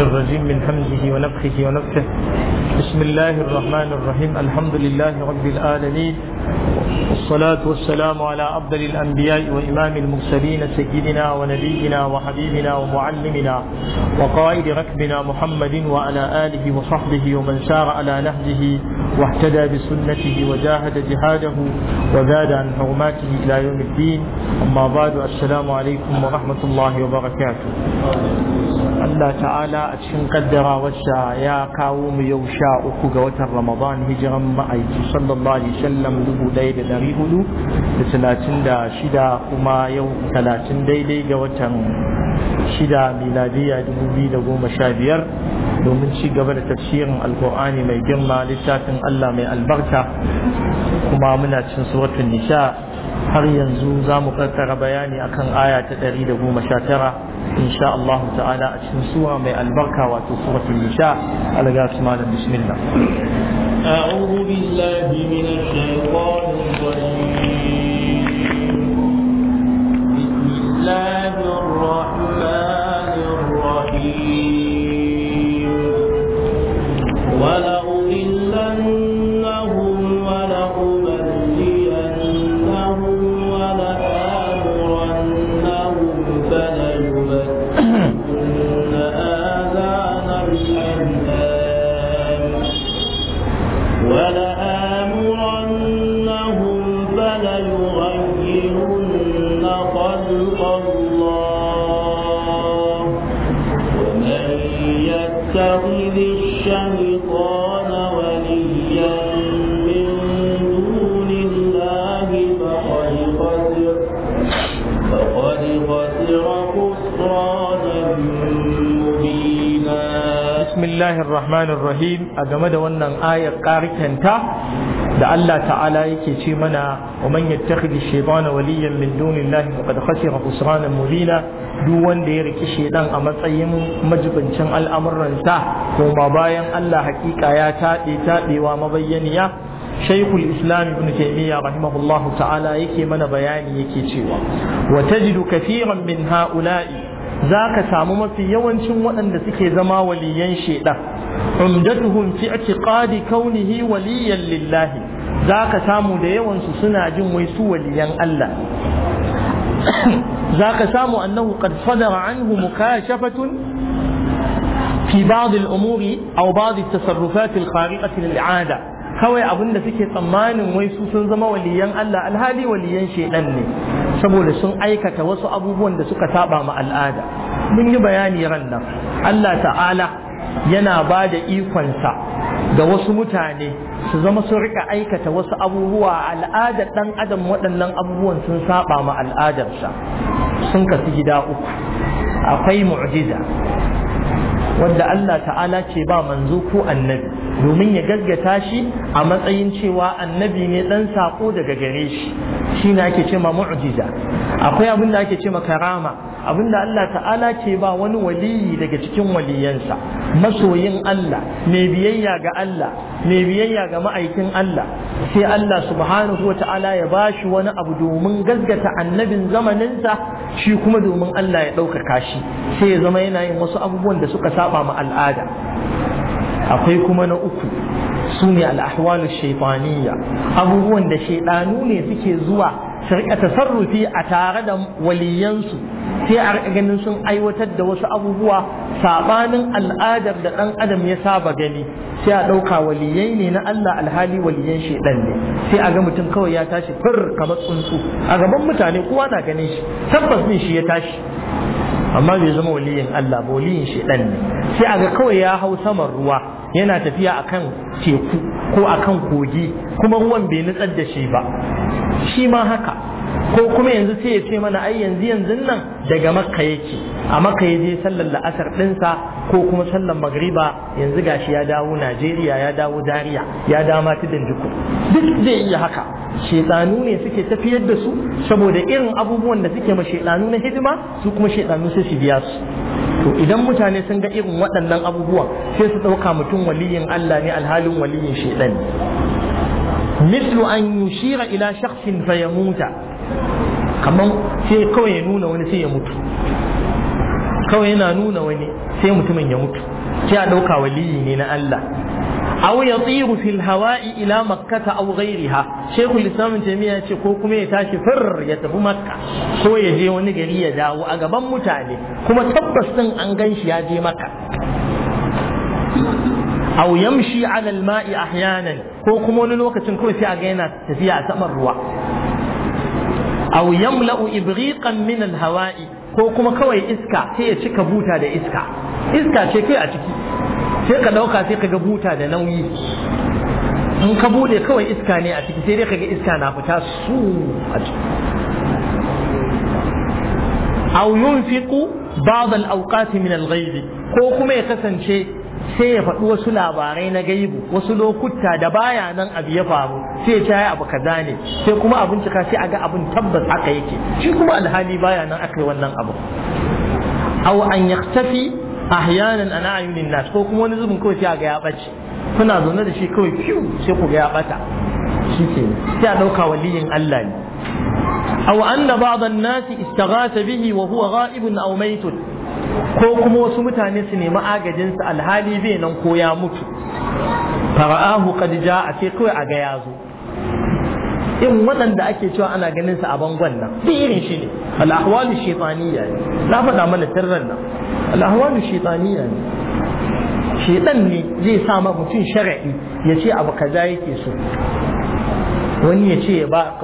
الرجيم من حمده ونفخه ونفخه بسم الله الرحمن الرحيم الحمد لله رب العالمين والصلاة والسلام على أفضل الأنبياء وإمام المرسلين سيدنا ونبينا وحبيبنا ومعلمنا وقائد ركبنا محمد وعلى آله وصحبه ومن سار على نهجه واهتدى بسنته وجاهد جهاده وزاد عن حرماته إلى يوم الدين أما بعد السلام عليكم ورحمة الله وبركاته Allah ta'ala a cikin kaddara wacce ya kawo mu yau sha uku ga watan Ramadan hijiran ma'aiki sallallahu alaihi wasallam dubu ɗaya da ɗari hudu da talatin da shida kuma yau talatin daidai ga watan shida miladiya dubu biyu da goma sha biyar domin ci gaba da tafsirin alkur'ani mai girma littafin Allah mai albarka kuma muna cin suratun nisha har yanzu za mu fassara bayani akan aya ta ɗari da goma 119 insha Allah ta'ala a cikin suwa mai albarka wato suratul nisa alaga malam bismillah a'udhu billahi minash shaitanir rajim bismillahir rahmanir rahim wala الله الرحمن الرحيم أجمد ونن آية قارئة da Allah ta'ala yake ce mana wa man yattakhidhi shaytana waliyan min dunillahi faqad khasira khusranan mubina duk wanda ya riki shaydan a matsayin majibincin al'amuransa ko ma bayan Allah hakika ya taɗe taɗewa mabayyaniya shaykhul islam ibn taymiya rahimahullahu ta'ala yake mana bayani yake cewa wa tajidu kathiran min ha'ula'i za ka samu mafi yawancin waɗanda suke zama waliyan shaidan umdatuhum fi i'tiqadi kaunihi waliyan lillahi za ka samu da yawansu suna jin wai su waliyan Allah za ka samu annahu qad sadara anhu mukashafatun fi ba'd al-umuri aw ba'd at-tasarrufat al-khariqah lil-'ada kawai abin da suke tsammanin wai su sun zama waliyan Allah alhali waliyan shedan ne saboda sun aikata wasu abubuwan da suka saba ma al'ada mun yi bayani ran nan Allah ta'ala yana ba da ikonsa ga wasu mutane su zama sun rika aikata wasu abubuwa al'ada dan adam waɗannan abubuwan sun saba ma al'adarsa sun kasu gida uku akwai mu'jiza wadda Allah ta'ala ce ba manzo ko annabi domin ya gaggata shi a matsayin cewa annabi ne dan sako daga gare shi shi ne ake cewa mu'jiza akwai abin da ake cewa karama abin da Allah ta'ala ke ba wani waliyi daga cikin waliyansa masoyin Allah mai biyayya ga Allah mai biyayya ga ma'aikin Allah sai Allah subhanahu wa ta'ala ya ba shi wani abu domin gaggata annabin zamaninsa shi kuma domin Allah ya ɗaukaka shi sai ya zama yana yin wasu abubuwan da suka saba ma al'ada akwai kuma na uku su ne al'ahwalu shaitaniya abubuwan da shaidanu ne suke zuwa shari'a tasarrufi a tare da waliyansu sai a ganin sun aiwatar da wasu abubuwa sabanin al'adar da ɗan adam ya saba gani sai a ɗauka waliyai ne na Allah alhali waliyan shaidan ne sai a ga mutum kawai ya tashi fir kamar tsuntsu a gaban mutane kowa na ganin shi tabbas ne shi ya tashi amma bai zama waliyin Allah ba waliyin shaidan ne sai a ga kawai ya hau saman ruwa yana tafiya akan teku ko a kan kogi kuma ruwan bai nutsar da shi ba shi ma haka ko kuma yanzu sai ya ce mana ai yanzu yanzu nan daga makka yake a makka ya je sallar la'asar ɗinsa ko kuma sallar magariba yanzu gashi ya dawo najeriya ya dawo dariya ya dawo ma tudun duk zai iya haka shaidanu ne suke tafiyar da su saboda irin abubuwan da suke ma shaidanu na hidima su kuma shaidanu sai su biya su to idan mutane sun ga irin waɗannan abubuwan sai su ɗauka mutum waliyin Allah ne alhalin waliyin shaidan mislu an yushira ila shakhsin fa yamuta kaman sai kawai ya nuna wani sai ya mutu kawai yana nuna wani sai mutumin ya mutu sai a ɗauka waliyi ne na Allah aw yatiru fil hawa'i ila makkata aw ghayriha shaykhul islam taymiya yace ko kuma ya tashi fir ya tafi makka ko ya je wani gari ya dawo a gaban mutane kuma tabbas din an ganshi ya je makka aw yamshi ala al-ma'i ahyanan ko kuma wani lokacin kawai sai a ga yana tafiya a saman ruwa aw yamla'u ibriqan min al-hawa'i ko kuma kawai iska sai ya cika buta da iska iska ce kai a ciki sai ka ɗauka sai ka ga buta da nauyi in ka bude kawai iska ne a ciki sai dai ka ga iska na fita su a ciki yunfiqu ba'd al-awqat min al-ghayb ko kuma ya kasance sai ya faɗi wasu labarai na gaibu wasu lokuta da baya nan abu ya faru sai ya tayi abu kaza ne sai kuma abin cika sai aga abin tabbas haka yake shi kuma alhali baya nan akai wannan abu aw an yaktafi ahyanan ana ayunin nas ko kuma wani zubin kawai sai ga ya bace kuna zaune da shi kawai fiu sai ku ga ya bata shi ke sai a dauka waliyin Allah ne aw anna ba'd an-nas istaghatha bihi wa huwa ghaibun aw maytun ko kuma wasu mutane su nemi agajin sa alhali bai nan ko ya mutu fara'ahu qad ja'a sai kawai a ga ya zo In waɗanda ake cewa ana ganin sa a bangon nan duk irin shi ne al-ahwalu shaytaniyya ne na faɗa mana sirran nan al-ahwalu shaytaniyya ne shedan ne zai sa ma mutum shari'i ya ce abu kaza yake so wani ya ce ba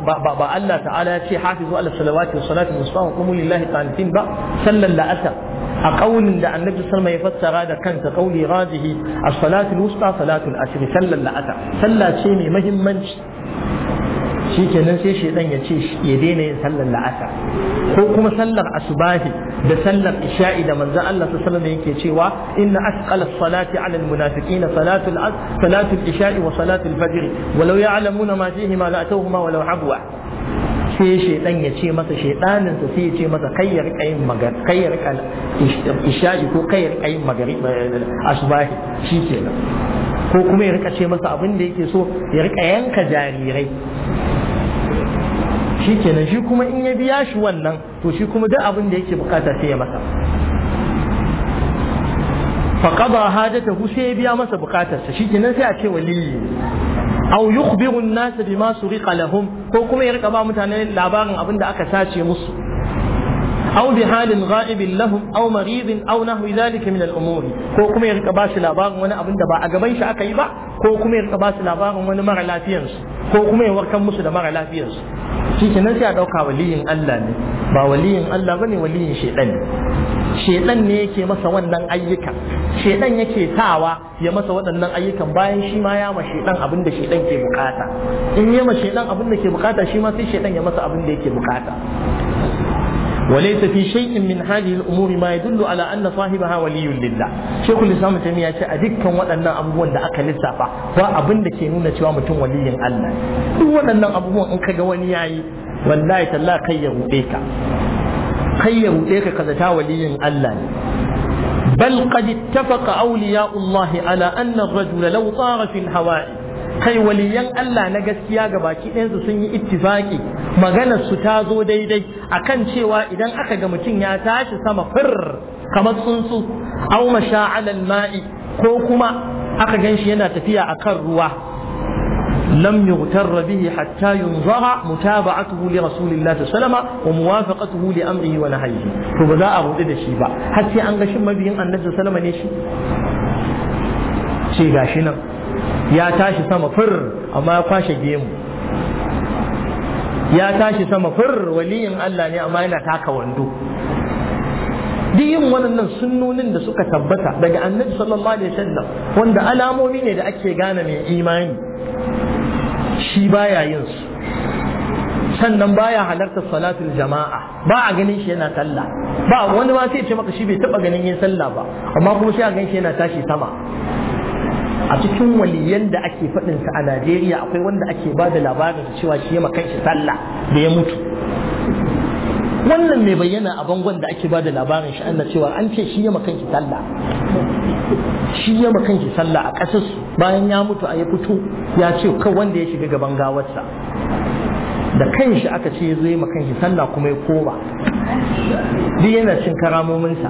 Allah ta'ala ya ce hafizu ala salawati wa salatu musamman kuma lillahi qanitin ba sallan la'asar a kaunin da annabi sallama ya fassara da kansa kauli rajihi as-salatu al-wusta salatu al-asr sallan la'asar sallah ce mai muhimmanci shi kenan sai shaidan ya ce ya daina yin sallar la'asa ko kuma sallar asubahi da sallar isha'i da manzo Allah sallallahu alaihi wasallam yake cewa inna asqala salati ala almunafiqin salatu al salatu al-isha'i wa salatu al-fajr walau ya'lamuna ma fihi ma la'atuhuma walau habwa sai shaidan ya ce masa shaidanin sa sai ya ce masa kai ya kayyar kayin magana kayyar kal isha'i ko kayyar kayin magari eh, asubahi shikenan ko kuma ya rika ce masa abin da yake so ya rika yanka jarirai shi kenan shi kuma in ya biya shi wannan to shi kuma duk abin da yake bukata sai ya masa faqada hu sai ya biya masa bukatarsa shi kenan sai a ce waliyi aw yukhbiru an-nas bima suriqa lahum ko kuma ya rika ba mutane labarin abin da aka sace musu aw bi halin gha'ibin lahum aw maridin aw nahwi zalika min al-umuri ko kuma ya rika ba shi labarin wani abin da ba a gaban shi aka yi ba ko kuma ya rika ba shi labarin wani mara lafiyar su ko kuma ya musu da mara lafiyar su shi a Allah ne ba waliyin Allah bane waliyin shedan ne ne yake masa wannan ayyuka shedan yake sawa ya masa waɗannan ayyukan bayan shi ma ya ma shedan abin da shedan ke bukata in ya ma shedan abin da ke bukata shi ma sai shedan ya masa abin da yake bukata وليس في شيء من هذه الأمور ما يدل على أن صاحبها ولي لله شيخ الإسلام تيمية أدكا وأنا أبوان دا أكا لسافة فأبن دا كينونة شوامة ولي الله وأنا أبوان أنك قواني يعي والله تلا كي يغوطيك كي يغوطيك قد تا ولي الله بل قد اتفق أولياء الله على أن الرجل لو طار في الهواء kai waliyan Allah na gaskiya ga baki ɗayansu sun yi ittifaki maganar su ta zo daidai akan cewa idan aka ga mutum ya tashi sama fir kamar tsuntsu au masha'alal ma'i ko kuma aka ganshi yana tafiya akan ruwa lam Rabi'i bihi hatta yunzara mutaba'atuhu li rasulillahi sallallahu alaihi wasallam wa muwafaqatuhu li amrihi wa nahyihi to ba za a bude da shi ba har sai an ga shin mabiyin annabi sallallahu alaihi ne shi shi nan ya tashi sama fir amma ya kwashe gemu ya tashi sama fir waliyin Allah ne amma yana taka wando duk yin waɗannan sunnonin da suka tabbata daga annabi sallallahu alaihi wasallam wanda alamomi ne da ake gane mai imani shi baya yin su sannan baya halartar salatul jama'a ba a ganin shi yana sallah ba wani ma sai ce maka shi bai taba ganin yin sallah ba amma kuma sai a ganin shi yana tashi sama a cikin waliyan da ake faɗin sa a Najeriya akwai wanda ake ba da labarin cewa shi ya shi sallah da ya mutu wannan mai bayyana a bangon da ake ba da labarin shi an cewa an ce shi ya shi sallah shi ya makan shi sallah a ƙasar bayan ya mutu a ya fito ya ce kan wanda ya shiga gaban gawarsa da kanshi aka ce ya zo ya makan shi sallah kuma ya koma duk yana cin karamominsa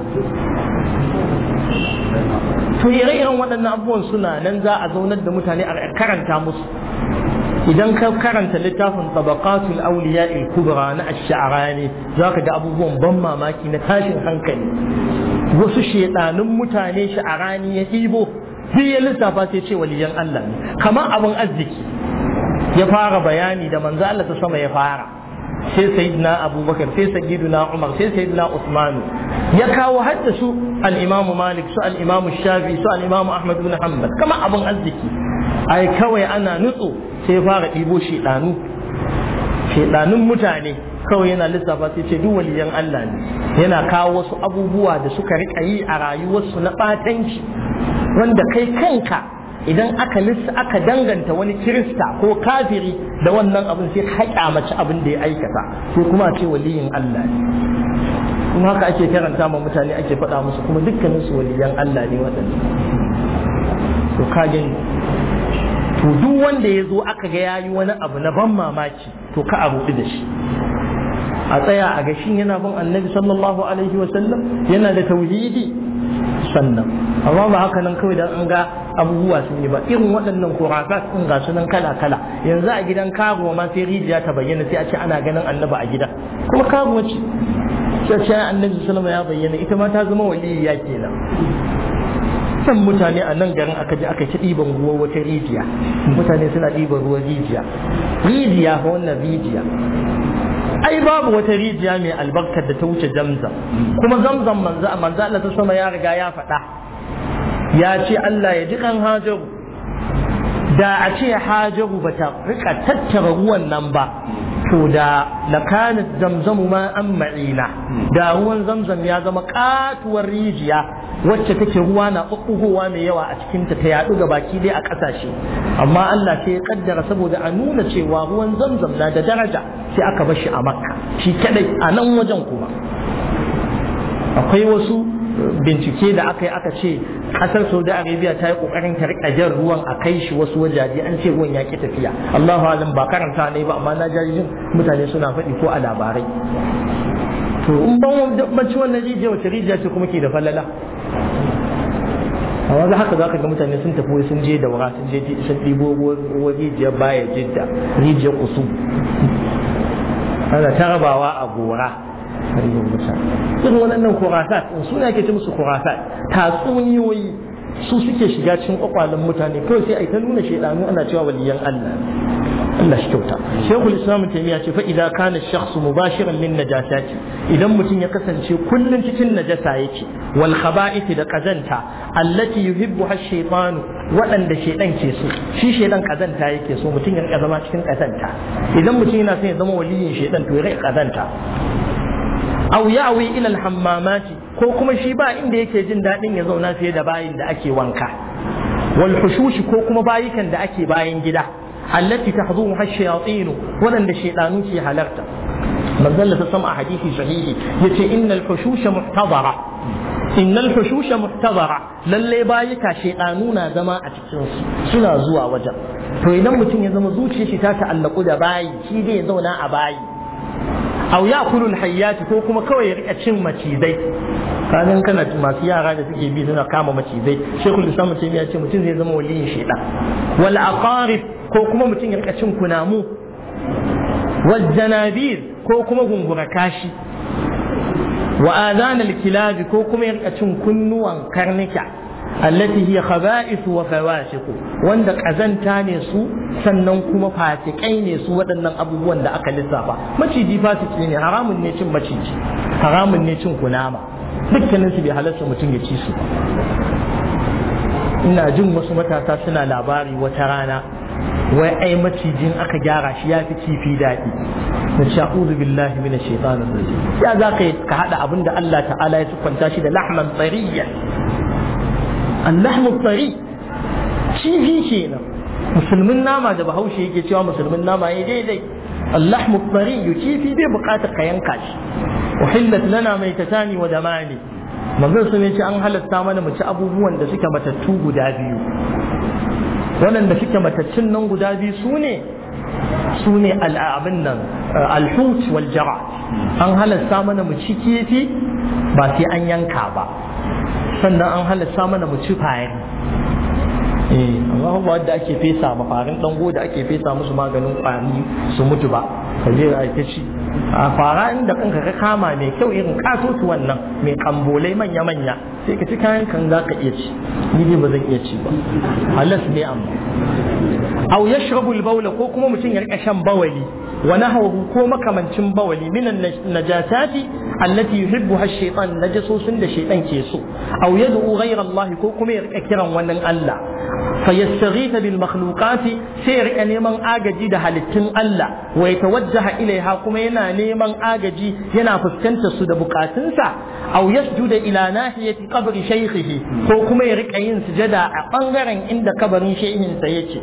to ire-iren waɗannan abubuwan suna nan za a zaunar da mutane a karanta musu idan ka karanta littafin tabaqatul awliya al-kubra na ash-sha'rani zaka ga abubuwan ban mamaki na tashin hankali wasu shedanin mutane sha'rani ya ibo sai ya lissafa sai ce waliyan Allah kamar abin arziki ya fara bayani da manzo Allah ta sama ya fara sai sayyidina abubakar sai sayyidina umar sai sayyidina usman ya kawo hadda su al-imamu malik su al-imamu shafi su al-imamu ahmad bin hanbal kama abun arziki ai kawai ana nutso sai fara ɗibo ɗanu. shedanun mutane kawai yana lissafa sai ce duk waliyan Allah ne yana kawo wasu abubuwa da suka rika yi a rayuwarsu na ɓatanci wanda kai kanka idan aka lissa aka danganta wani kirista ko kafiri da wannan abin sai haƙa mace abin da ya aikata sai kuma ce waliyin Allah ne kuma haka ake karanta ma mutane ake faɗa musu kuma dukkanin su waliyan Allah ne waɗanda to kagen to duk wanda ya zo aka ga yayi wani abu na ban mamaki to ka a da shi a tsaya a ga shin yana bin annabi sallallahu alaihi wa sallam yana da tauhidi sannan amma ba haka nan kawai dan an ga abubuwa sun yi ba irin waɗannan kurafat sun ga sunan kala kala yanzu a gidan karuwa ma sai rijiya ta bayyana sai a ce ana ganin annaba a gida kuma karuwa ce sai ce annabi sallama ya bayyana ita ma ta zama waliyya kenan san mutane a nan garin aka je aka ci ɗiban ruwa wata rijiya mutane suna ɗiban ruwan rijiya rijiya wannan rijiya ai babu wata rijiya mai albarkar da ta wuce zamzam kuma zamzam manzo manzo Allah ta sama ya riga ya faɗa ya ce Allah ya ji kan hajaru da a ce hajaru ba ta rika tattara ruwan nan ba to da lakanat zamzamu ma an da ruwan zamzam ya zama katuwar rijiya wacce take ruwa na ɓuɓɓugowa mai yawa a cikin ta ta yaɗu ga baki dai a ƙasashe amma Allah sai ya kaddara saboda a nuna cewa ruwan zamzam na da daraja sai aka bar shi a makka shi kadai a nan wajen kuma akwai wasu uh, bincike da aka yi aka ce ƙasar saudi arabia ta yi ƙoƙarin ta riƙa jan ruwan a kai shi wasu wajaje an ce ruwan ya ƙi tafiya allahu alam ba karanta ne ba amma na jajin mutane suna faɗi ko a labarai to in ban dabbaci wannan rijiya wace rijiya ce kuma ke da falala amma za haka za ka ga mutane sun tafi sun je da wura sun je sun ɗibo ruwan rijiyar baya jidda rijiyar kusu ana tarabawa a gora irin waɗannan kurasat in suna ake ci musu kurasat tatsuniyoyi su suke shiga cikin kwakwalen mutane kawai sai a ta nuna shaidanu ana cewa waliyan Allah Allah shi kyauta shekul islam taimiyya ce fa idan kana shakhsu mubashiran lin najasati idan mutum ya kasance kullun cikin najasa yake wal khaba'ith da kazanta allati yuhibbu ash-shaytanu wadanda shaydan ke so shi shaydan kazanta yake so mutum ya zama cikin kazanta idan mutum yana son ya zama waliyin shaydan to ya kazanta aw ya'wi ila al-hammamati ko kuma shi ba inda yake jin dadin ya zauna fiye da bayin da ake wanka wal hushushi ko kuma bayikan da ake bayan gida allati tahdhuha ash-shayatin wanda shaytanu ke halarta manzon da sama a hadisi sahihi yace innal hushusha muhtadara innal hushusha muhtadara lalle bayika shaytanu na zama a cikinsu, suna zuwa wajen to idan mutum ya zama zuciyar shi ta ta'allaku da bayi shi zai zauna a bayi aw ya'kulu kulun hayyat ko kuma kawai ya rika cin macizai kadan kana masu yara da suke bi suna kama macizai shekul islam ce ya ce mutum zai zama waliyin shaitan wal aqarib ko kuma mutum ya rika cin kunamu wal janabir ko kuma gungura kashi wa adhan Kilabi ko kuma ya rika cin kunnuwan karnika allati hiya khaba'ith wa fawashiq wanda kazanta ne su sannan kuma fasikai ne su waɗannan abubuwan da aka lissafa maciji fasiki ne haramun ne cin maciji haramun ne cin kunama dukkanin su bai halarta mutum ya ci su ina jin wasu matasa suna labari wata rana wai ai macijin aka gyara shi ya fi kifi daɗi na ce billahi minash shaitanir rajim ya za ka haɗa abun abin da Allah ta'ala ya siffanta shi da lahman tsariya اللحم الطري kifi kenan musulmin nama da bahaushe yake cewa musulmin nama ya daidai اللحم الطري kifi bai bukatar ka yanka shi uhillat lana tani wa damani manzon sun ce an halatta mana mu ci abubuwan da suke matattu guda biyu waɗanda suke matattun nan guda biyu su ne su ne al'abin nan alhut wal jara an halatta mana mu ci kifi ba sai an yanka ba sannan an halasta mana mu ci fari eh amma ba wanda ake fesa ma farin dango da ake fesa musu maganin kwari su mutu ba kaje a ta ci a fara inda kanka ka kama mai kyau irin su wannan mai kambolai manya manya sai ka ci kayan kan za ka iya ci ni dai ba zan iya ci ba halas ne amma aw yashrabu al-bawla ko kuma mutum ya rika shan bawali Wani nahwahu ko makamancin bawali minan najasati allati yuhibbuha ash-shaytan najasosin da shaytan ke so aw yad'u ghayra Allah ko kuma ya rika kiran wannan Allah fayastaghitha bil makhluqati sai ya rika neman agaji da halittun Allah wa yatawajjaha ilaiha kuma yana neman agaji yana fuskantar su da bukatunsa aw yasjuda ila nahiyati qabri shaykhihi ko kuma ya rika yin sujada a bangaren inda kabarin shehinsa yake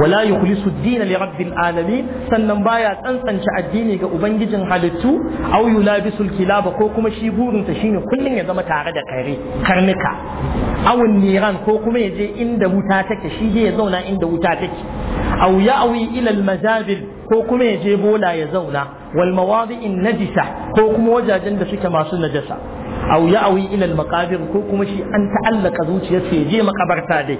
wala yukhlisu ad-din li sannan baya tsantsance addini ga ubangijin halittu aw yulabisu al-kilaba ko kuma shi burinsa shine kullun ya zama tare da kare karnuka awun niran ko kuma ya je inda wuta take shi ya zauna inda wuta take aw ya'wi ila al ko kuma ya je bola ya zauna wal mawadi'in najisa ko kuma wajajen da suke masu najasa aw auyi ilal al ko kuma shi an ta'allaka zuciyarsa ya je makabarta dai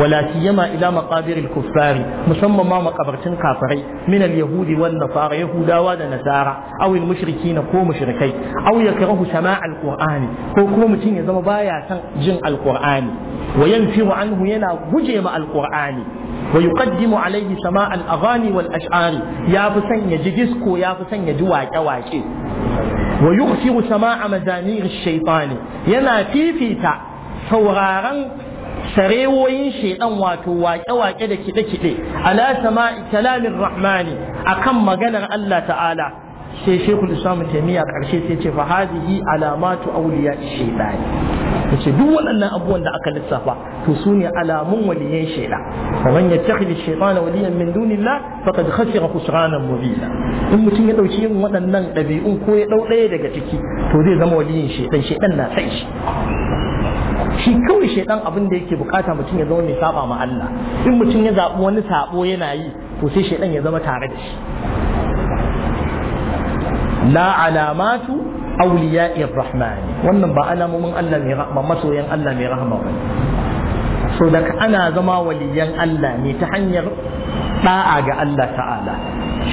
wala siyama ila maqabir al-kuffari musamman ma makabartin kafirai min al-yahudi wan nasara yahudawa da nasara aw al-mushrikin ko mushrikai aw yakrahu sama' al-qur'ani ko kuma mutum ya zama baya son jin al-qur'ani wa yanfiru anhu yana guje ma al-qur'ani wa yuqaddimu alaihi sama' al-aghani wal ash'ari ya fi son ya ji disco ya fi son ya ji waƙe-waƙe wa yuksiru sama'a mazanir shaytani yana fifita sauraron sarewoyin shaidan wato waƙe-waƙe da kiɗe-kiɗe ala sama'i kalamin rahmani akan maganar Allah ta'ala sai shekul islam taimiyya ƙarshe sai ce fa hadihi alamatu auliya shaytani ya ce duk waɗannan abubuwan da aka lissafa to su ne alamun waliyan shaida fa ya yattakhidhu shaytana waliyan min dunillah faqad khasira khusranan mubina in mutum ya dauki yin waɗannan ɗabi'un ko ya dau ɗaya daga ciki to zai zama waliyan shaitan shaitan na sai shi shi kawai shaitan abin da yake bukata mutum ya zama mai saba ma Allah in mutum ya zaɓi wani sabo yana yi to sai shaitan ya zama tare da shi la alamatu awliya'ir ne wannan ba alamomin Allah mai rahma masoyan Allah mai rahma ba so daga ana zama waliyan Allah ne ta hanyar da'a ga Allah ta'ala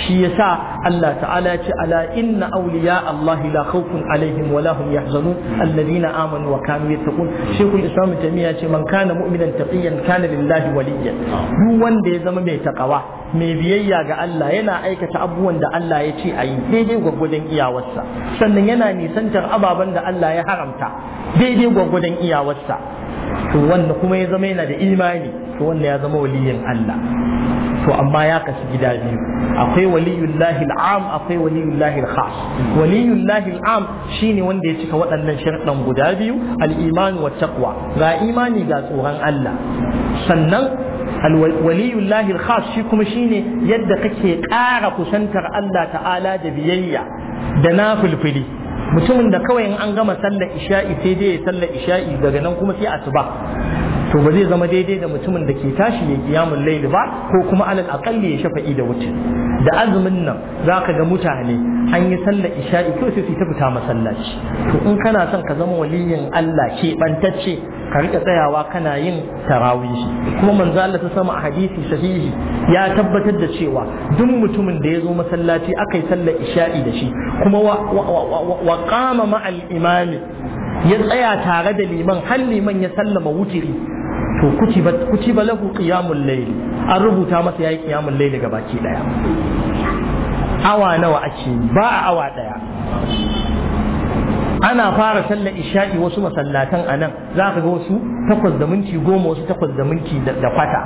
shi yasa Allah ta'ala ce ala inna awliya Allah la khawfun alaihim wa lahum yahzanun alladhina amanu wa kanu yattaqun shaykhul islam tamiya ce man kana mu'minan taqiyan kana lillahi waliyan duk wanda ya zama mai takawa mai biyayya ga Allah yana aikata abubuwan da Allah ya ce ayi yi daidai gwagwadon iyawarsa sannan yana nisantar ababen da Allah ya haramta daidai gwagwadon iyawarsa to wanda kuma ya zama yana da imani to wanda ya zama waliyin Allah to amma ya kasu gida biyu akwai waliyun lahil am akwai waliyun lahil khas waliyun lahil am shine wanda ya cika waɗannan sharɗan guda biyu al wa taqwa ga imani ga tsoron Allah sannan waliyun lahil khas shi kuma shine yadda kake ƙara kusantar Allah ta'ala da biyayya da na nafulfuli mutumin da kawai in an gama sallar isha'i sai dai ya sallar isha'i daga nan kuma sai asuba to ba zai zama daidai da mutumin da ke tashi ya kiyamun laili ba ko kuma alal akalli ya shafa'i da wuce da azumin nan za ka ga mutane an yi sallar isha'i ko sai su ta fita masallaci to in kana son ka zama waliyin Allah ke bantacce ka rika tsayawa kana yin tarawih kuma manzo Allah ta sama a hadisi sahihi ya tabbatar da cewa duk mutumin da ya zo masallaci aka yi sallar isha'i da shi kuma wa qama ma'al imami ya tsaya tare da liman har liman ya sallama wutiri to kutiba ba lahu qiyamul layl an rubuta masa yayi qiyamul layl gabaki daya awa nawa ake ba a awa daya ana fara sallar isha'i wasu masallatan a nan za ka ga wasu takwas da minti goma wasu takwas da minti da kwata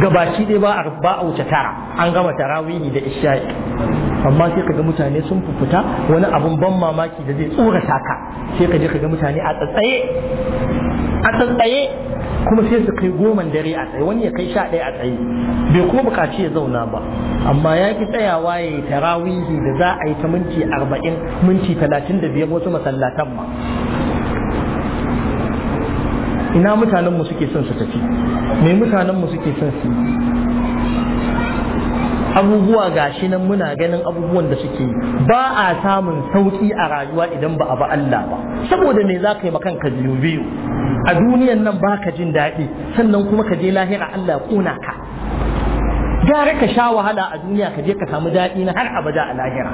gabaci dai ba ba a wuce tara an gama tarawihi da isha'i amma sai kaga mutane sun fufuta wani abun ban mamaki da zai tsura taka. sai ka je ka ga mutane a tsatsaye a tsatsaye kuma sai su kai goman dare a tsaye wani ya kai sha ɗaya a tsaye bai kuma bukaci ya zauna ba amma ya ki tsayawa ya yi tarawihi da za a yi ta minti arba'in minti talatin da biyar wasu masallatan. ina mutanenmu suke son su tafi me mutanenmu suke son su abubuwa gashi nan muna ganin abubuwan da suke ba a samun sauki a rayuwa idan ba a ba Allah ba saboda me za ka yi ka biyu biyu a duniyan nan ba ka jin daɗi sannan kuma ka je lahira Allah kuna ka gara ka sha wahala a duniya ka je ka samu daɗi na har abada a lahira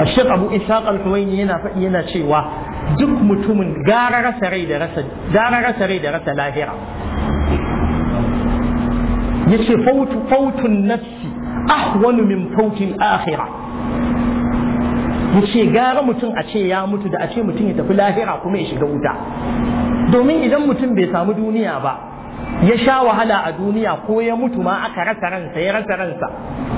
الشيخ أبو إسحاق الحويني هنا yana cewa duk mutumin gara rasa rai da rasa gara rasa rai da rasa lahira yace fautu fautun nafsi ahwanu min fautil akhira yace gara mutum a ce ya mutu da a ce mutum ya tafi lahira kuma ya shiga wuta domin idan mutum bai samu duniya ba ya sha wahala a duniya ko ya mutu ma aka rasa ransa ya rasa ransa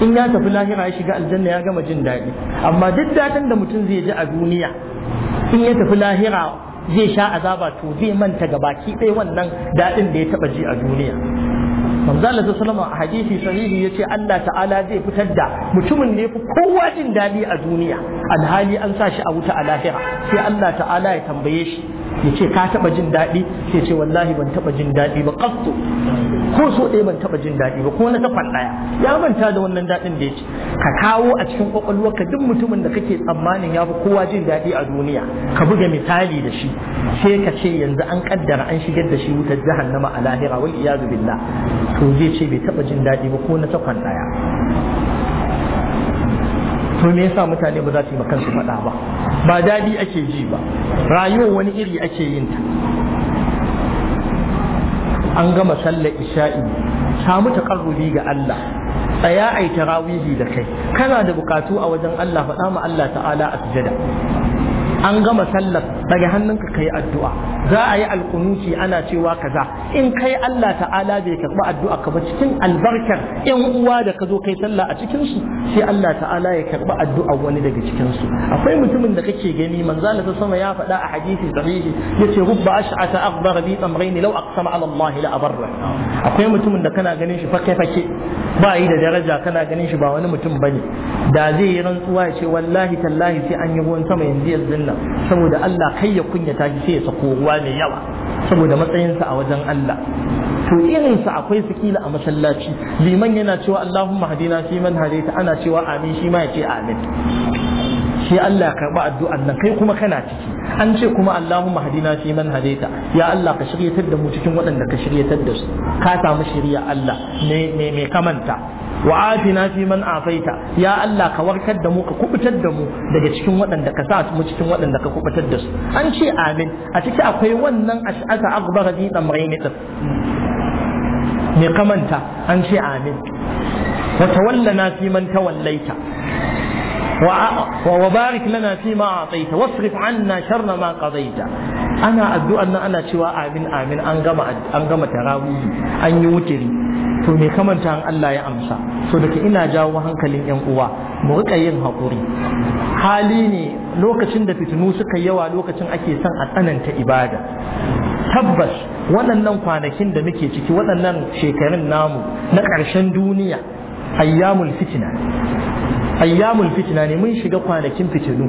in ya tafi lahira ya shiga aljanna ya gama jin daɗi amma duk daɗin da mutum zai ji a duniya in ya tafi lahira zai sha azaba to zai manta gabaki ɗaya wannan daɗin da ya taɓa ji a duniya manzala ta salama a hadisi sahihi ya ce Allah ta'ala zai fitar da mutumin ne fi kowa jin daɗi a duniya alhali an sa shi a wuta a lahira sai Allah ta'ala ya tambaye shi ya ce ka taba jin daɗi sai ce wallahi ban taba jin daɗi ba kasto ko so ɗaya ban taba jin daɗi ba ko na tafan ɗaya ya manta da wannan daɗin da ya ce ka kawo a cikin ka duk mutumin da kake tsammanin ya fi kowa jin daɗi a duniya ka buga misali da shi sai ka ce yanzu an kaddara an shigar da shi wutar jahannama a lahira wal iyadu billah to zai ce bai taba jin daɗi ba ko na takwan ɗaya to me yasa mutane ba za su yi kansu faɗa ba ba daɗi ake ji ba rayuwar wani iri ake yin ta an gama sallar isha'i samu taƙarrubi ga Allah tsaya ai tarawihi da kai kana da bukatu a wajen Allah faɗa ma Allah ta'ala a sujada an gama sallar daga hannunka yi addu'a za a yi alkunuti ana cewa kaza in kai Allah ta'ala bai karba addu'a ka ba cikin albarkar yan uwa da ka zo kai sallah a cikin su sai Allah ta'ala ya karba addu'a wani daga cikin su akwai mutumin da kake gani manzo Allah sama ya faɗa a hadisi sahihi yace rubba ash'ata aghdar bi tamrayn law aqsama ala Allah la abarra akwai mutumin da kana ganin shi fake fake ba yi da daraja kana ganin shi ba wani mutum bane da zai yi rantsuwa ya ce wallahi tallahi sai an yi ruwan sama yanzu yanzu nan saboda Allah kai ya kunyata shi sai ya sako ruwa mai yawa saboda matsayinsa a wajen Allah to irinsa akwai sikila a masallaci liman yana cewa Allahumma hadina fi man hadaita ana cewa amin shi ma ya ce amin shi Allah karba addu'an nan kai kuma kana ciki an ce kuma Allahumma hadina fi man hadaita ya Allah ka shiryatar da mu cikin waɗanda ka shiryatar da su ka samu shirya Allah me me kamanta wa atina fi man afaita ya Allah ka warkar da mu ka kubutar da mu daga cikin waɗanda ka sa mu cikin waɗanda ka kubutar da su an ce amin a ciki akwai wannan ash'ata akbar di dan mai ne me kamanta an ce amin wa tawallana fi man tawallaita وبارك لنا فيما أعطيت واصرف عنا شر ما قضيت أنا أدعو أن أنا شوى آمين an gama أنقم an yi يوتري to me kamanta an Allah ya amsa to daga ina jawo hankalin yan uwa mu rika yin haƙuri hali ne lokacin da fitinu suka yawa lokacin ake son a tsananta ibada tabbas waɗannan kwanakin da muke ciki waɗannan shekarun namu na ƙarshen duniya ayyamul fitina ayyamul fitina ne mun shiga kwanakin fitinu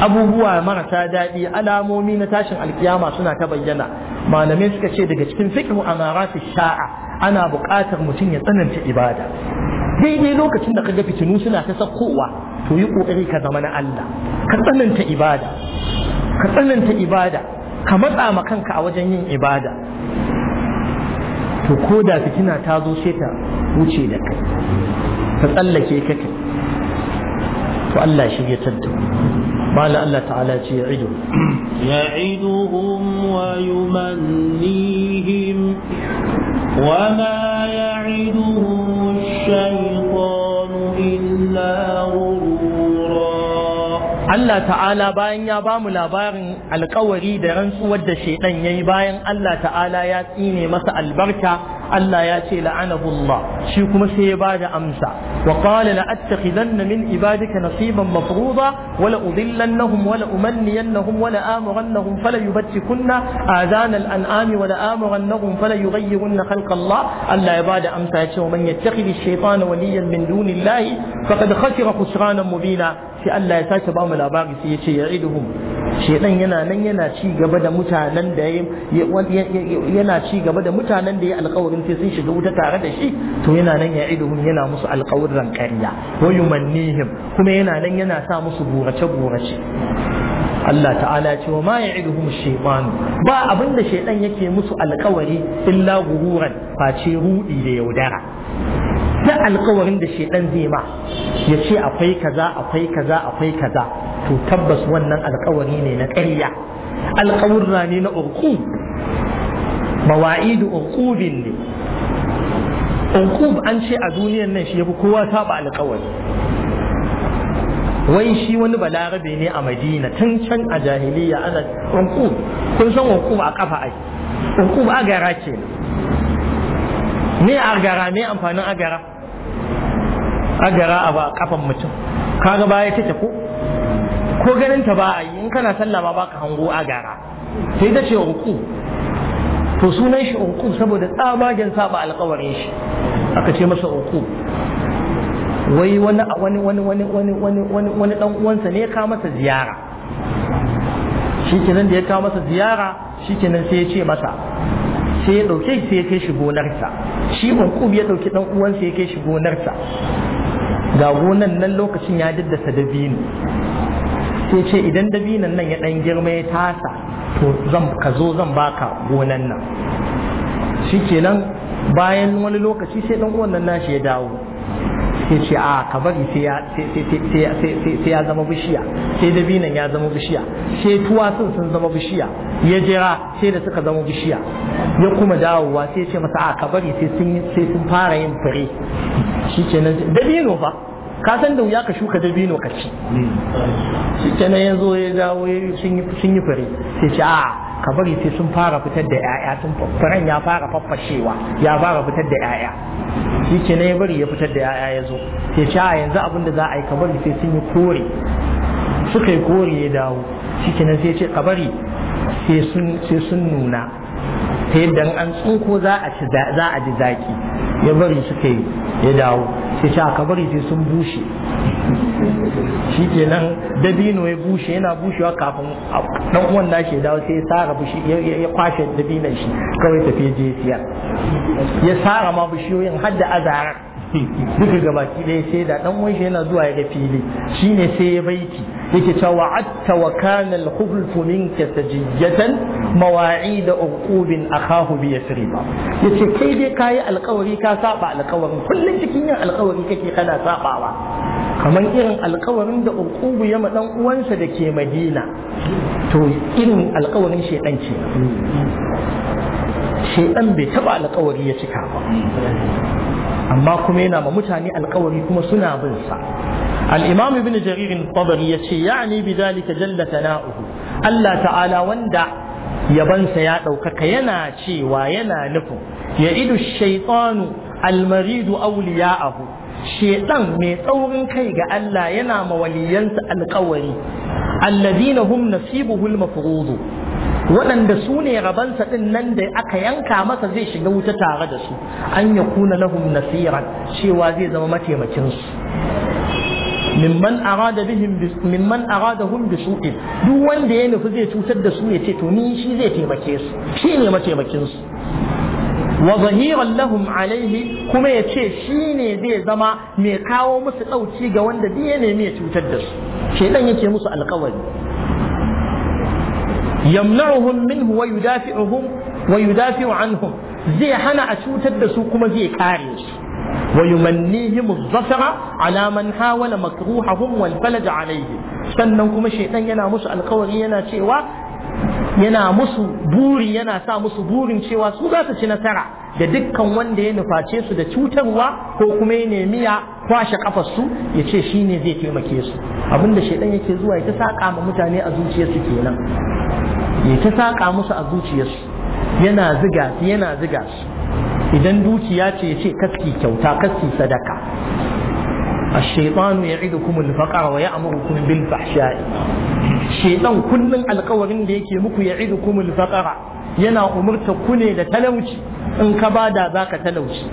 abubuwa marasa daɗi alamomi na tashin alkiyama suna ta bayyana malamai suka ce daga cikin fiqhu amaratu sha'a ana buƙatar mutum ya tsananta ibada daidai lokacin da kaga fitinu suna ta sakkowa to yi kokari ka zama na Allah ka tsananta ibada ka tsananta ibada ka matsa ma kanka a wajen yin ibada to ko da fitina ta zo sai ta wuce da kai ka tsallake ka kai to Allah shi ya tattauna. قال الله تعالى يعدهم يعدهم ويمنيهم وما يعدهم الشيطان إلا غرورا الله تعالى باين يا بام لابارن القوري درنس ود الشيطان يا باين الله تعالى يا تيني مسا البركه Allah ya ce la'anahu shi kuma sai ya bada amsa wa qala la attakhidanna min ibadika nasiban mafruza wa la udillannahum wa la umanniyannahum wa la amurannahum fala yubtikunna adana al-an'ami wa la amurannahum fala yughayyirunna khalqa Allah Allah ya bada amsa ya ce wa man yattakhidhi ash-shaytana waliyan min dunillahi faqad khasira khusranan mubina sai Allah ya sake ba mu labari sai ya ce ya'iduhum shedan yana nan yana ci gaba da mutanen da yana ci gaba da mutanen da ya alƙawarin sai sun shiga wuta tare da shi to yana nan ya iduhum yana musu alƙawarin ƙarya wa yumannihim kuma yana nan yana sa musu gurace gurace. Allah ta'ala ce wa ma ya'iduhum shaytanu ba abinda shaiɗan yake musu alƙawari illa gururan face rudi da yaudara duk alkawarin da shaidan zai ma ya ce akwai kaza akwai kaza akwai kaza to tabbas wannan alkawari ne na ƙarya alkawurra ne na urku mawa'idu urkubin ne urkub an ce a duniyar nan shi yafi kowa saba alkawari wai shi wani balarabe ne a madina tun can a jahiliya ana urkub kun san urkub a kafa ai urkub agara ce ne agara ne amfanin agara agara a ba kafan mutum kaga baya take ko ko ganin ta ba a yi in kana sallah ba baka hango agara sai ta ce uku to sunan shi uku saboda tsamagen saba alkawarin shi aka ce masa uku wai wani wani wani wani wani wani wani wani dan uwansa ne ya kawo masa ziyara shikenan da ya kawo masa ziyara shikenan sai ya ce masa sai ya dauke shi sai ya kai shi gonarsa shi uku ya dauki dan uwansa ya kai shi gonarsa ga gonan nan lokacin ya daddasa dabino sai ce idan dabinan nan ya ɗan girma ya tasa to zan ka zo zan baka gonan nan shi kenan bayan wani lokaci sai ɗan uwan nan nashi ya dawo sai ce a ka bari sai ya zama bishiya sai dabinan ya zama bishiya sai tuwasun sun zama bishiya ya jira sai da suka zama bishiya ya kuma dawowa sai ce masa a ka bari sai sun fara yin fure shi kenan dabino fa ka san da wuya ka shuka dabino ka ci shi kenan ya zo ya dawo sun yi fure sai ce a ka bari sai sun fara fitar da 'ya'ya sun furen ya fara faffashewa ya fara fitar da 'ya'ya shi na ya bari ya fitar da 'ya'ya ya zo sai ce a yanzu abin da za a yi ka bari sai sun yi kore suka yi kore ya dawo shi na sai ce ka bari sai sun nuna ta yadda an tsinko za a ji zaki ya bari suka yi ya dawo sai ce aka bari sai sun bushe shi nan dabino ya bushe yana bushewa kafin dan uwan nashi ya dawo sai ya sara bushi ya kwashe dabinan shi kawai tafiye je ya sara ma bushiyoyin har da azarar duka gabaki ɗaya sai da ɗan wanshi yana zuwa ya ga fili ne sai ya baiti yake cewa wa'atta wa kana al-khulfu minka sajiyatan mawa'id uqubin akahu bi yasriba yace kai dai kayi alƙawari ka saba alƙawarin kullun cikin yin alƙawari kake kana sabawa kamar irin alƙawarin da uqubu ya ma dan uwansa da ke Madina to irin alƙawarin shedan ce shedan bai taba alƙawari ya cika ba amma kuma yana ma mutane alkawari kuma suna bin sa al-imam ibn jarir al ya ce ya'ni bidhalika jalla tana'uhu Allah ta'ala wanda yabansa ya ɗaukaka yana cewa yana nufin ya idu shaitanu almaridu auliya'ahu shaitan mai tsaurin kai ga Allah yana mawaliyansa alkawari alladina hum nasibuhul mafrudu waɗanda su ne rabansa ɗin nan da aka yanka masa zai shiga wuta tare da su an ya kuna lahum nasiran cewa zai zama mataimakinsu mimman arada bihim mimman aradahum bi su'in duk wanda ya nufi zai cutar da su ya ce to ni shi zai taimake su shi ne mataimakin su wa zahiran lahum alaihi kuma ya ce shi ne zai zama mai kawo musu ɗauki ga wanda duk ya nemi ya cutar da su shedan yake musu alƙawari yamna'uhum minhu wa yudafi'uhum wa yudafi'u anhum zai hana a cutar da su kuma zai kare su wa yumannihim az-zafara ala man hawala makruhahum wal falaj alayhi sannan kuma shaytan yana musu alkawari yana cewa yana musu buri yana sa musu burin cewa su za su ci nasara da dukkan wanda ya nuface su da cutarwa ko kuma ya nemi ya kwashe kafarsu ya ce shi ne zai taimake su abinda shaidan yake zuwa ya ta saƙa ma mutane a zuciyarsu kenan me ta saƙa musu a zuciyarsu yana ziga su yana ziga su idan dukiya ce ce kaski kyauta kaski sadaka الشيطان يعدكم الفقر ويأمركم بالفحشاء الشيطان كل القوار اللي يكي مكو يعدكم الفقر ينا أمرت كني لتلوشي إن كبادا ذاك تلوشي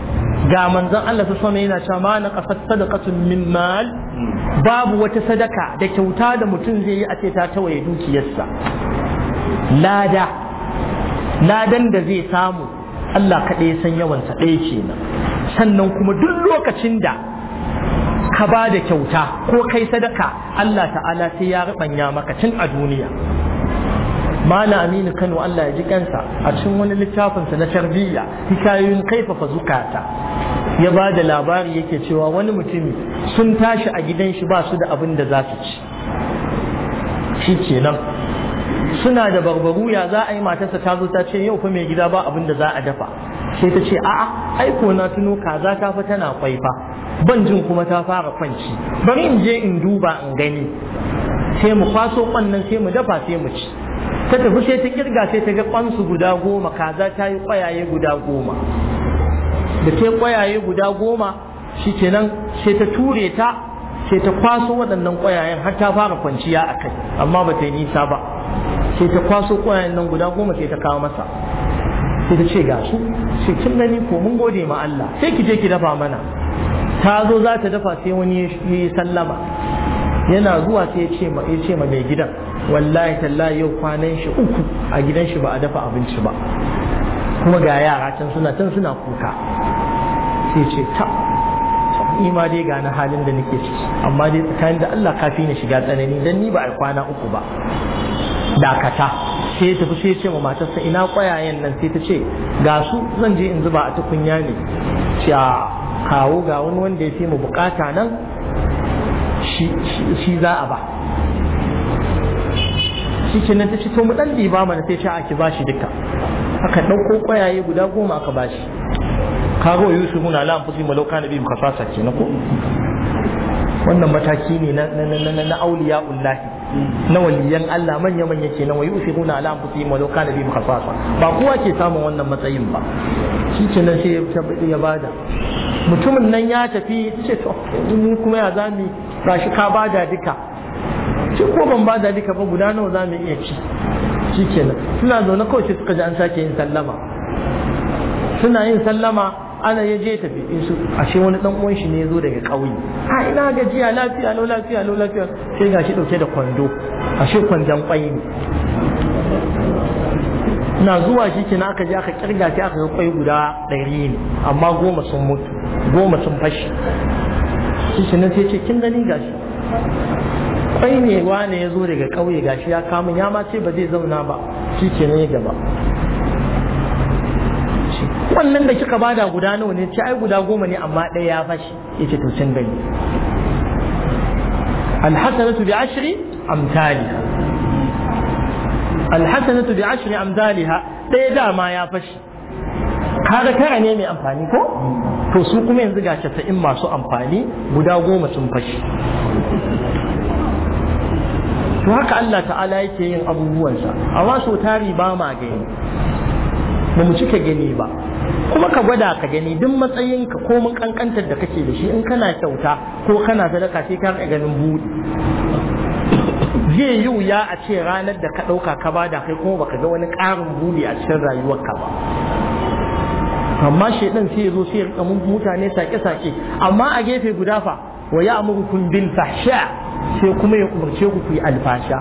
ga manzon Allah su sama yana cewa ma na kasar sadaqatun min mal babu wata sadaka da kyauta da mutum zai yi a ce ta tawaye dukiyarsa lada ladan da zai samu Allah kaɗai san yawansa ɗaya kenan sannan kuma duk lokacin da ka ba da kyauta ko kai sadaka Allah ta'ala sai ya riɓanya maka tun a duniya mana Aminu Kano Allah ya ji kansa a cikin wani littafinsa na tarbiyya hikayoyin kaifafa zukata ya ba da labari yake cewa wani mutumi sun tashi a gidan shi ba su da abin da za su ci shi kenan suna da barbaru ya za a yi matarsa ta zo ta ce yau fa mai gida ba abin da za a dafa sai ta ce a'a aiko na tuno kaza ta fa tana kwai fa ban jin kuma ta fara kwanci bari in je in duba in gani sai mu kwaso kwannan sai mu dafa sai mu ci ta tafi sai ta kirga sai ta ga kwansu guda goma kaza ta yi kwayaye guda goma da ta kwayaye guda goma shi kenan sai ta ture ta sai ta kwaso waɗannan ƙwayayen har ta fara kwanciya a kai amma ba ta yi nisa ba sai ta kwaso ƙwayayen nan guda goma sai ta kawo masa sai ta ce ga su sai kin gani ko mun gode ma Allah sai ki je ki dafa mana ta zo za ta dafa sai wani ya yi sallama yana zuwa sai ya ce ma ya ce ma mai gidan wallahi tallahi yau kwanan shi uku a gidan shi ba a dafa abinci ba kuma ga yara can suna can suna kuka sai ce ta ni ma dai gane halin da nake ciki amma dai tsakanin da Allah kafi na shiga tsanani dan ni ba a kwana uku ba dakata sai ta fi sai ce ma matarsa ina kwayayen nan sai ta ce ga su zan je in zuba a tukunya ne ce a kawo ga wani wanda ya fi mu bukata nan shi za a ba shi ke nan ta ce to mu dan diba mana sai ce a ki shi duka aka ɗauko kwayaye guda goma aka ba shi. kago yusuf na la anfusihim walau kana bihim khasasa ce ko wannan mataki ne na auliya ullahi na waliyan Allah manya manya ke nan wa na ala anfusihim walau kana bihim khasasa ba kowa ke samun wannan matsayin ba shi ce nan sai ya bada mutumin nan ya tafi ce to mu kuma ya zami gashi ka bada duka shi ko ban bada duka ba guda nawa zamu iya ci shi kenan suna zaune kawai suka ji an sake yin sallama suna yin sallama ana ya je tafi su ashe wani dan uwan shi ne ya zo daga kauye. ha ina gajiya lafiya lo lafiya lo lafiya sai gashi dauke da kwando ashe kwandon kwai ne na zuwa shi kina aka je aka kirga shi aka ga kwai guda ɗari ne amma goma sun mutu goma sun fashi shi shi sai ce kin gani gashi kwai ne wane ya zo daga kauye gashi ya kama ya ma ce ba zai zauna ba shi kenan ya gaba kwan nan da kika bada guda nawa ne ce ai guda goma ne amma ɗaya ya fashi ya ce to can gani alhasanatu bi ashri amthaliha alhasanatu bi ashri amthaliha ɗaya dama ya fashi kaga tara ne mai amfani ko to su kuma yanzu ga casa'in masu amfani guda goma sun fashi to haka Allah ta'ala yake yin abubuwansa amma so tari ba ma gani ba mu cika gani ba kuma ka gwada ka gani duk matsayinka ko mun kankantar da kake da shi in kana kyauta ko kana sadaka sai ka ganin buɗe. zai yi wuya a ce ranar da ka ɗauka ka bada kai kuma baka ga wani ƙarin buɗe a cikin rayuwarka ba amma shaidan sai ya zo sai ya rika mutane sake-sake amma a gefe guda fa wa ya amurkum bil fahsha sai kuma ya umarce ku ku yi alfasha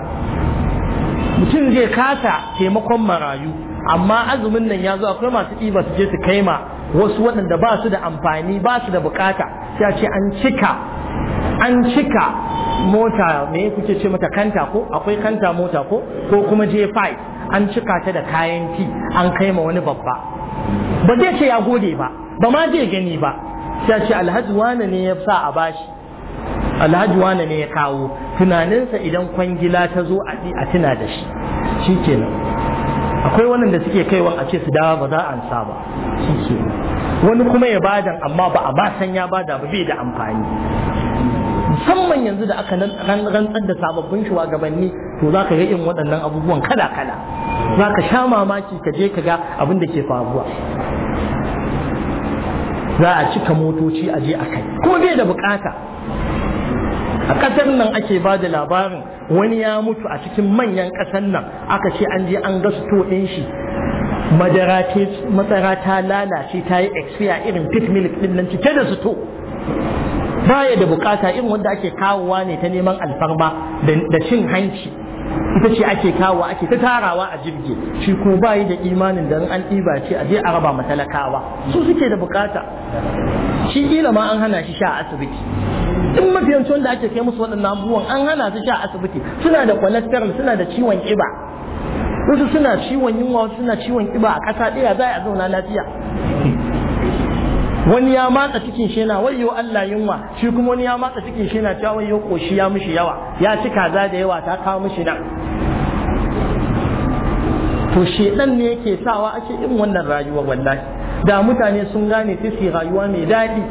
mutum zai kasa taimakon marayu amma azumin nan ya zo akwai masu ɗiba su je su kai ma wasu waɗanda ba su da amfani ba su da bukata ya ce an cika an cika mota me kuke ce mata kanta ko akwai kanta mota ko ko kuma je 5 an cika ta da kayan ti an kai ma wani babba ba zai ce ya gode ba ba ma zai gani ba ya ce alhaji wane ne ya sa a bashi alhaji wane ne ya kawo tunaninsa idan kwangila ta zo a tuna da shi shi kenan. akwai waɗanda suke kaiwa a ce su dawa ba za a ansa ba wani kuma ya bada amma ba a ba san ya bada ba bai da amfani musamman yanzu da aka rantsar da sababbin shugabanni to za ka ga irin waɗannan abubuwan kala kala za ka sha mamaki ka je ka ga abin da ke faruwa za a cika motoci a je a kai kuma bai da bukata a ƙasar nan ake ba da labarin wani ya mutu a cikin manyan ƙasar nan aka ce an je an to ɗin shi madara matsara ta lalace ta yi expire irin pit milk ɗin nan cike da suto baya da bukata irin wanda ake kawowa ne ta neman alfarma da cin hanci ita ce ake kawowa ake ta tarawa a jirgi shi ko bayi da imanin da an ɗiba ce a je a raba matalakawa su suke da bukata shi ma an hana shi sha asibiti duk mafiyanci da ake kai musu waɗannan abubuwan an hana su sha asibiti suna da cholesterol suna da ciwon kiba wasu suna ciwon yunwa wasu suna ciwon kiba a ƙasa ɗaya za a zauna lafiya wani ya matsa cikin shi yana wayyo Allah yunwa shi kuma wani ya matsa cikin shi yana cewa wayyo koshi ya mishi yawa ya ci kaza da yawa ta kawo mishi nan to shedan ne yake sawa ake irin wannan rayuwar wallahi da mutane sun gane sai su rayuwa mai daɗi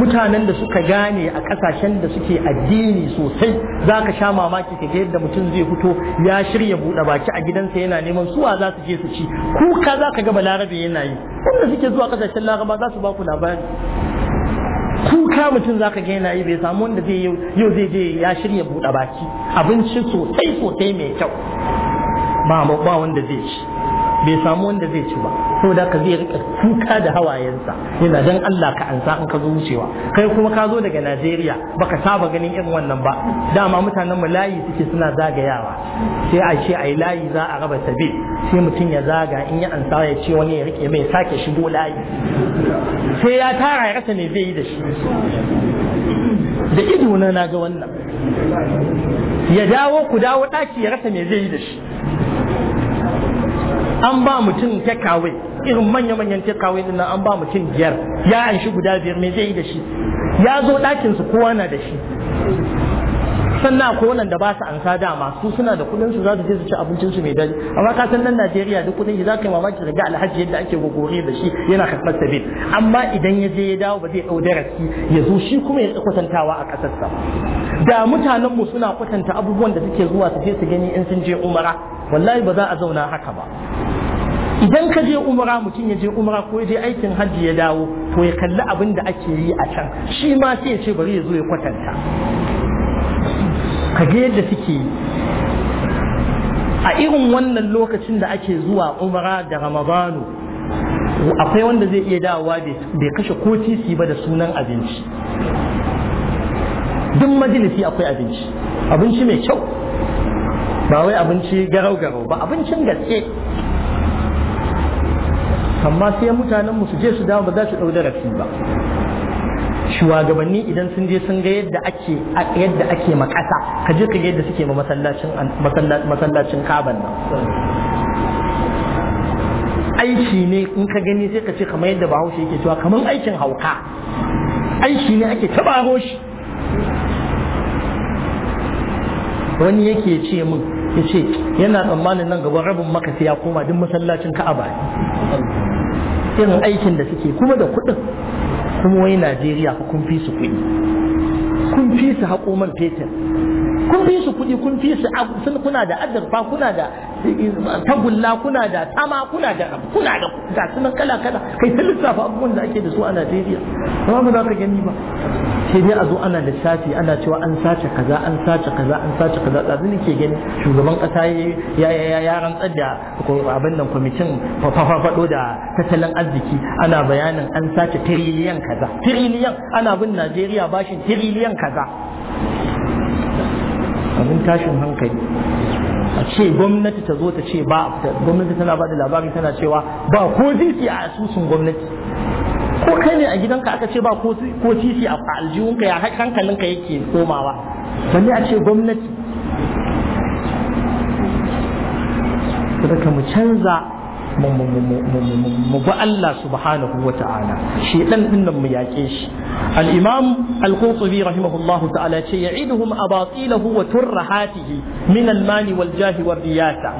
mutanen da suka gane a kasashen da suke addini sosai za ka sha mamaki ka yadda mutum zai fito ya shirya buɗe baki a gidansa yana neman suwa za su je su ci kuka za ka gaba Larabe yana yi wanda suke zuwa kasashen laraba za su ba ku labari kuka mutum za ka ga yi bai samu wanda zai yau zai je ya shirya buɗe baki abinci sosai sosai mai kyau ba wanda zai ci bai samu wanda zai ci ba saboda ka zai rika kuka da hawayensa yana dan Allah ka ansa in ka zo wucewa kai kuma ka zo daga Najeriya baka saba ganin irin wannan ba dama mutanen mu layi suke suna zagayawa sai a ce ai layi za a raba tabi sai mutum ya zaga in ya ansa ya ce wani ya rike mai sake shigo layi sai ya tara ya rasa me zai yi da shi da ido na ga wannan ya dawo ku dawo daki ya rasa me zai yi da shi an ba mutum takawai irin manya-manyan takawai din an ba mutum biyar ya anshi guda biyar me zai yi da shi ya zo ɗakin su kowa na da shi sannan akwai wannan da ba su ansa dama su suna da kuɗin su za su je su ci abincin su mai daji amma ka san nan Najeriya duk kudin shi za ka yi mamaki daga alhaji yadda ake gogore da shi yana karɓar sabil amma idan ya je ya dawo ba zai ɗau darasi ya zo shi kuma ya kwatantawa a ƙasarsa da mutanen mu suna kwatanta abubuwan da suke zuwa su je su gani in sun je umara wallahi ba za a zauna haka ba idan ka je umara mutum ya je umara ko ya je aikin hajji ya dawo to ya kalli abin da ake yi a can shi ma sai ya ce bari ya zo ya kwatanta ka ga yadda suke a irin wannan lokacin da ake zuwa umara da ramadanu akwai wanda zai iya dawowa bai kashe ko titi ba da sunan abinci duk majalisi akwai abinci abinci mai kyau ba wai abinci garau-garau ba abincin gaske amma sai mutanen su je su dawo ba za su ɗau darasi ba shugabanni idan sun je sun ga yadda ake yadda ake makasa ka je ka ga yadda suke ma masallacin masallacin kaban nan aiki ne in ka gani sai ka ce kamar yadda bahaushe yake cewa kamar aikin hauka aiki ne ake tabaro shi wani yake ce min ya ce yana tsammanin nan gaban rabin maka sai ya koma duk masallacin ka'aba irin aikin da suke kuma da kuɗin kuma najeriya fa kun fi su kuɗi kun fi su man fetur kun fi su kuɗi kun fi su sun kuna da azurfa kuna da eh, tagulla kuna da tama kuna da kuna da ga sunan kala kala kai ta lissafa abubuwan da ake da su a najeriya amma ba za ka gani ba sai dai a zo ana lissafi ana cewa an sace kaza an sace kaza an sace kaza da ne ke gani shugaban kasa ya ya ya rantsar da abin nan kwamitin fafafado da tattalin arziki ana bayanin an sace tiriliyan kaza tiriliyan ana bin Najeriya bashin tiriliyan kaza abin tashin hankali a ce gwamnati ta zo ta ce ba gwamnati tana ba da labari tana cewa ba ko zai a asusun gwamnati ko kai ne a gidanka aka ce ba ko titi a aljihunka ya hankalinka yake komawa balle a ce gwamnati ka mu canza mu bi Allah subhanahu wa ta'ala shi dan din mu yake shi al-imam al-qurtubi rahimahullahu ta'ala ce ya'iduhum abatilahu wa turrahatihi min al-mali wal jahi war riyasa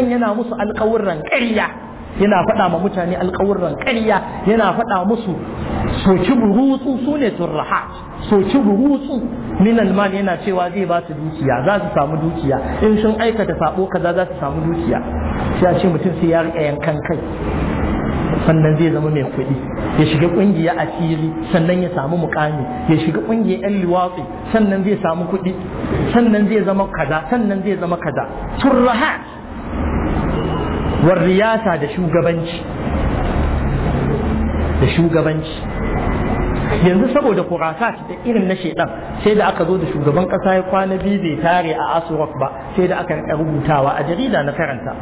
yana musu alƙawurran ƙarya yana faɗa ma mutane alƙawurran ƙarya yana faɗa musu soci burutsu sune ne turraha soci burutsu min almal yana cewa zai ba su dukiya za su samu dukiya in sun aikata sabo kaza za su samu dukiya sai a ce mutum sai ya riƙe yankan kai sannan zai zama mai kuɗi ya shiga ƙungiya a fili sannan ya samu mukami ya shiga ƙungiya yan liwatsi sannan zai samu kuɗi sannan zai zama kaza sannan zai zama kaza turraha war riyasa da shugabanci da shugabanci yanzu saboda kurasa da irin na shedan sai da aka zo da shugaban kasa ya kwana biyu bai tare a asurok ba sai da aka rubutawa a jarida na karanta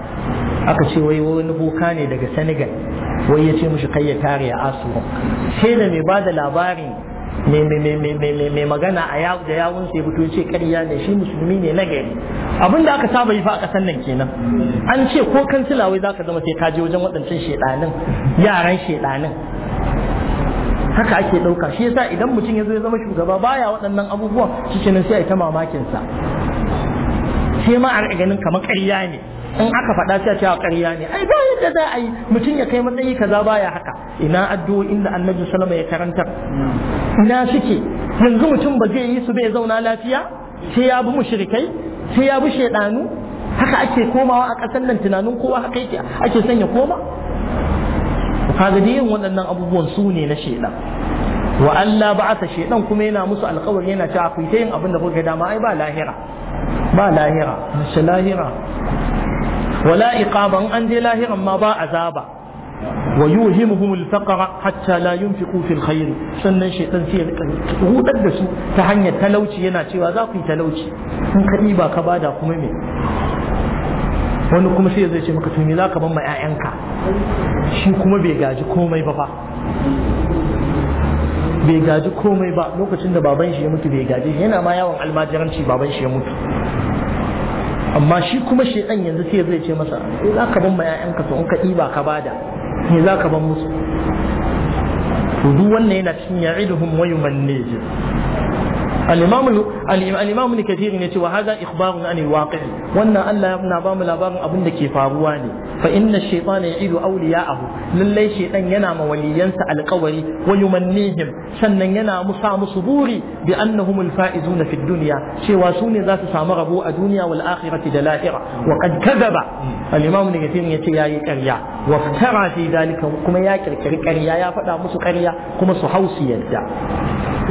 aka ce wai wani boka ne daga senegal wai ya ce mushi kai ya tare a asurok sai da mai ba da labarin mai magana a yawon da yawon sai fito ce karya ne shi musulmi ne na gari abin da aka saba yi fa a ƙasar nan kenan an ce ko kansila za ka zama sai ka wajen waɗancan shedanin yaran shedanin haka ake ɗauka shi yasa idan mutum ya zo ya zama shugaba baya waɗannan abubuwan shi nan sai a yi ta mamakinsa. sai ma a ganin kamar ƙarya ne in aka faɗa sai a cewa ƙarya ne ai ba yadda za a yi mutum ya kai matsayi kaza baya haka ina addu'o inda annabi sallama ya karanta ina suke yanzu mutum ba zai yi su bai zauna lafiya sai ya bi mushrikai sai ya bi shaidanu haka ake komawa a ƙasar nan tunanin kowa haka yake ake son ya koma kaga yin waɗannan abubuwan su ne na shaidan wa Allah ba'atha shaidan kuma yana musu alƙawari yana cewa ku yin abin da kuka dama ai ba lahira ba lahira mace lahira wala iqaban an je lahiran ma ba azaba wa yuhimuhum al-faqra hatta la yunfiqu fil khair sannan shaytan sai ya rudar da su ta hanyar talauci yana cewa za ku yi talauci in ba ka kuma me wani kuma sai zai ce maka to za ka ma 'ya'yanka shi kuma bai gaji komai ba bai gaji komai ba lokacin da baban shi ya mutu bai gaji yana ma yawon almajiranci baban shi ya mutu amma shi kuma shaitan yanzu sai zai ce masa sai za ka ban ma 'ya'yanka su in ka ɗiba ka bada me za ka ban musu to duk wannan yana cikin ya'iduhum wa yumannijum al-imam al-imam ne ce wa hada ikhbarun an al-waqi wannan Allah na ba mu labarin abin da ke faruwa ne fa inna shaytana ya awliya'ahu lallai shaytan yana ma waliyansa alqawari wa yumannihim sannan yana musa musu buri bi annahum alfaizuna fid dunya cewa su ne za su samu rabo a duniya wal akhirati da lahira wa qad kadaba al-imam ibn kathir yace yayi ƙarya wa ftara fi dalika kuma ya kirkiri ƙarya ya faɗa musu ƙarya kuma su hausu yadda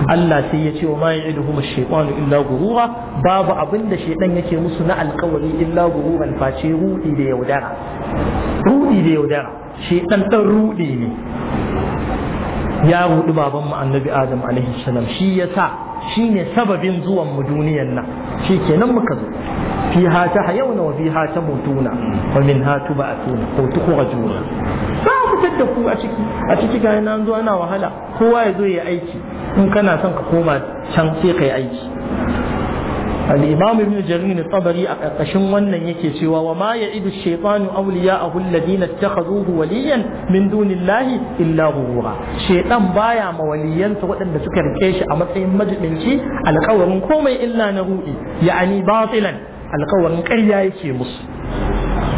Allah sai ya ce wa ma ya'iduhum ash-shaytanu illa gurura babu abin da shaytan yake musu na alƙawari illa gururan face rudi da yaudara rudi da yaudara shi dan dan rudi ne ya rudi baban mu annabi adam alaihi salam shi yasa shine sababin zuwan mu duniyan nan shi kenan muka zo ha ta hayawna wa ha ta mutuna wa minha tuba'atuna ko rajula ba fitar da ku a ciki a ciki ga nan zuwa ana wahala kowa ya zo ya aiki in kana son ka koma can sai kai aiki الإمام ابن جرير الطبري أقشن ونن يكي وما يعد الشيطان أولياءه الذين اتخذوه وليا من دون الله إلا غرورا شيطان بايا موليا سوأن سكر كيش أمتين مجملشي على قول كومي إلا نروئي يعني باطلا على قول كريا يكي مصر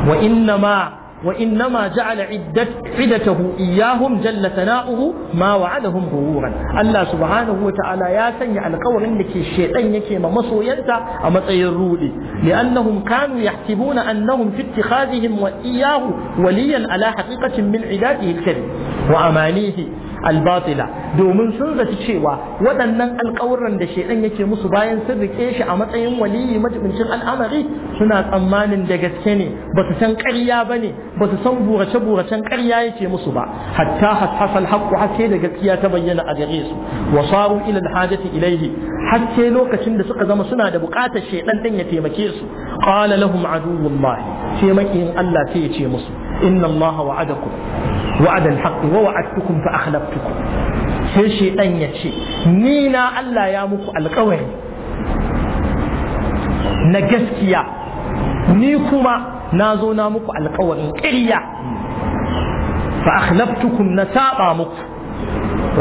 وإنما وإنما جعل عدة عدته إياهم جل ثناؤه ما وعدهم غرورا الله سبحانه وتعالى يا سني على قول إنك الشيطان يكي ما مصو ينسى أما رودي لأنهم كانوا يحسبون أنهم في اتخاذهم وإياه وليا على حقيقة من عداته الكذب وأمانيه albatila domin sun zaci cewa waɗannan alƙawuran da shaidan yake musu bayan sun rike shi a matsayin waliyi majibincin al'amari suna tsammanin da gaske ne ba su san ƙarya ba ne ba su san burace-buracen ƙarya yake musu ba hatta hasasal haƙƙu haske da gaskiya ta bayyana a gare su wa saru ila alhajati haske lokacin da suka zama suna da buƙatar shaidan din ya taimake su qala lahum aduwwullahi sai makiyin Allah sai ya ce musu inna Allah wa'adakum وعد الحق ووعدتكم فأخلفتكم sai shaidan ya ce ni na Allah ya muku alkawari na gaskiya ni kuma na zo na muku alkawarin ƙirya fa akhlaftukum na saba muku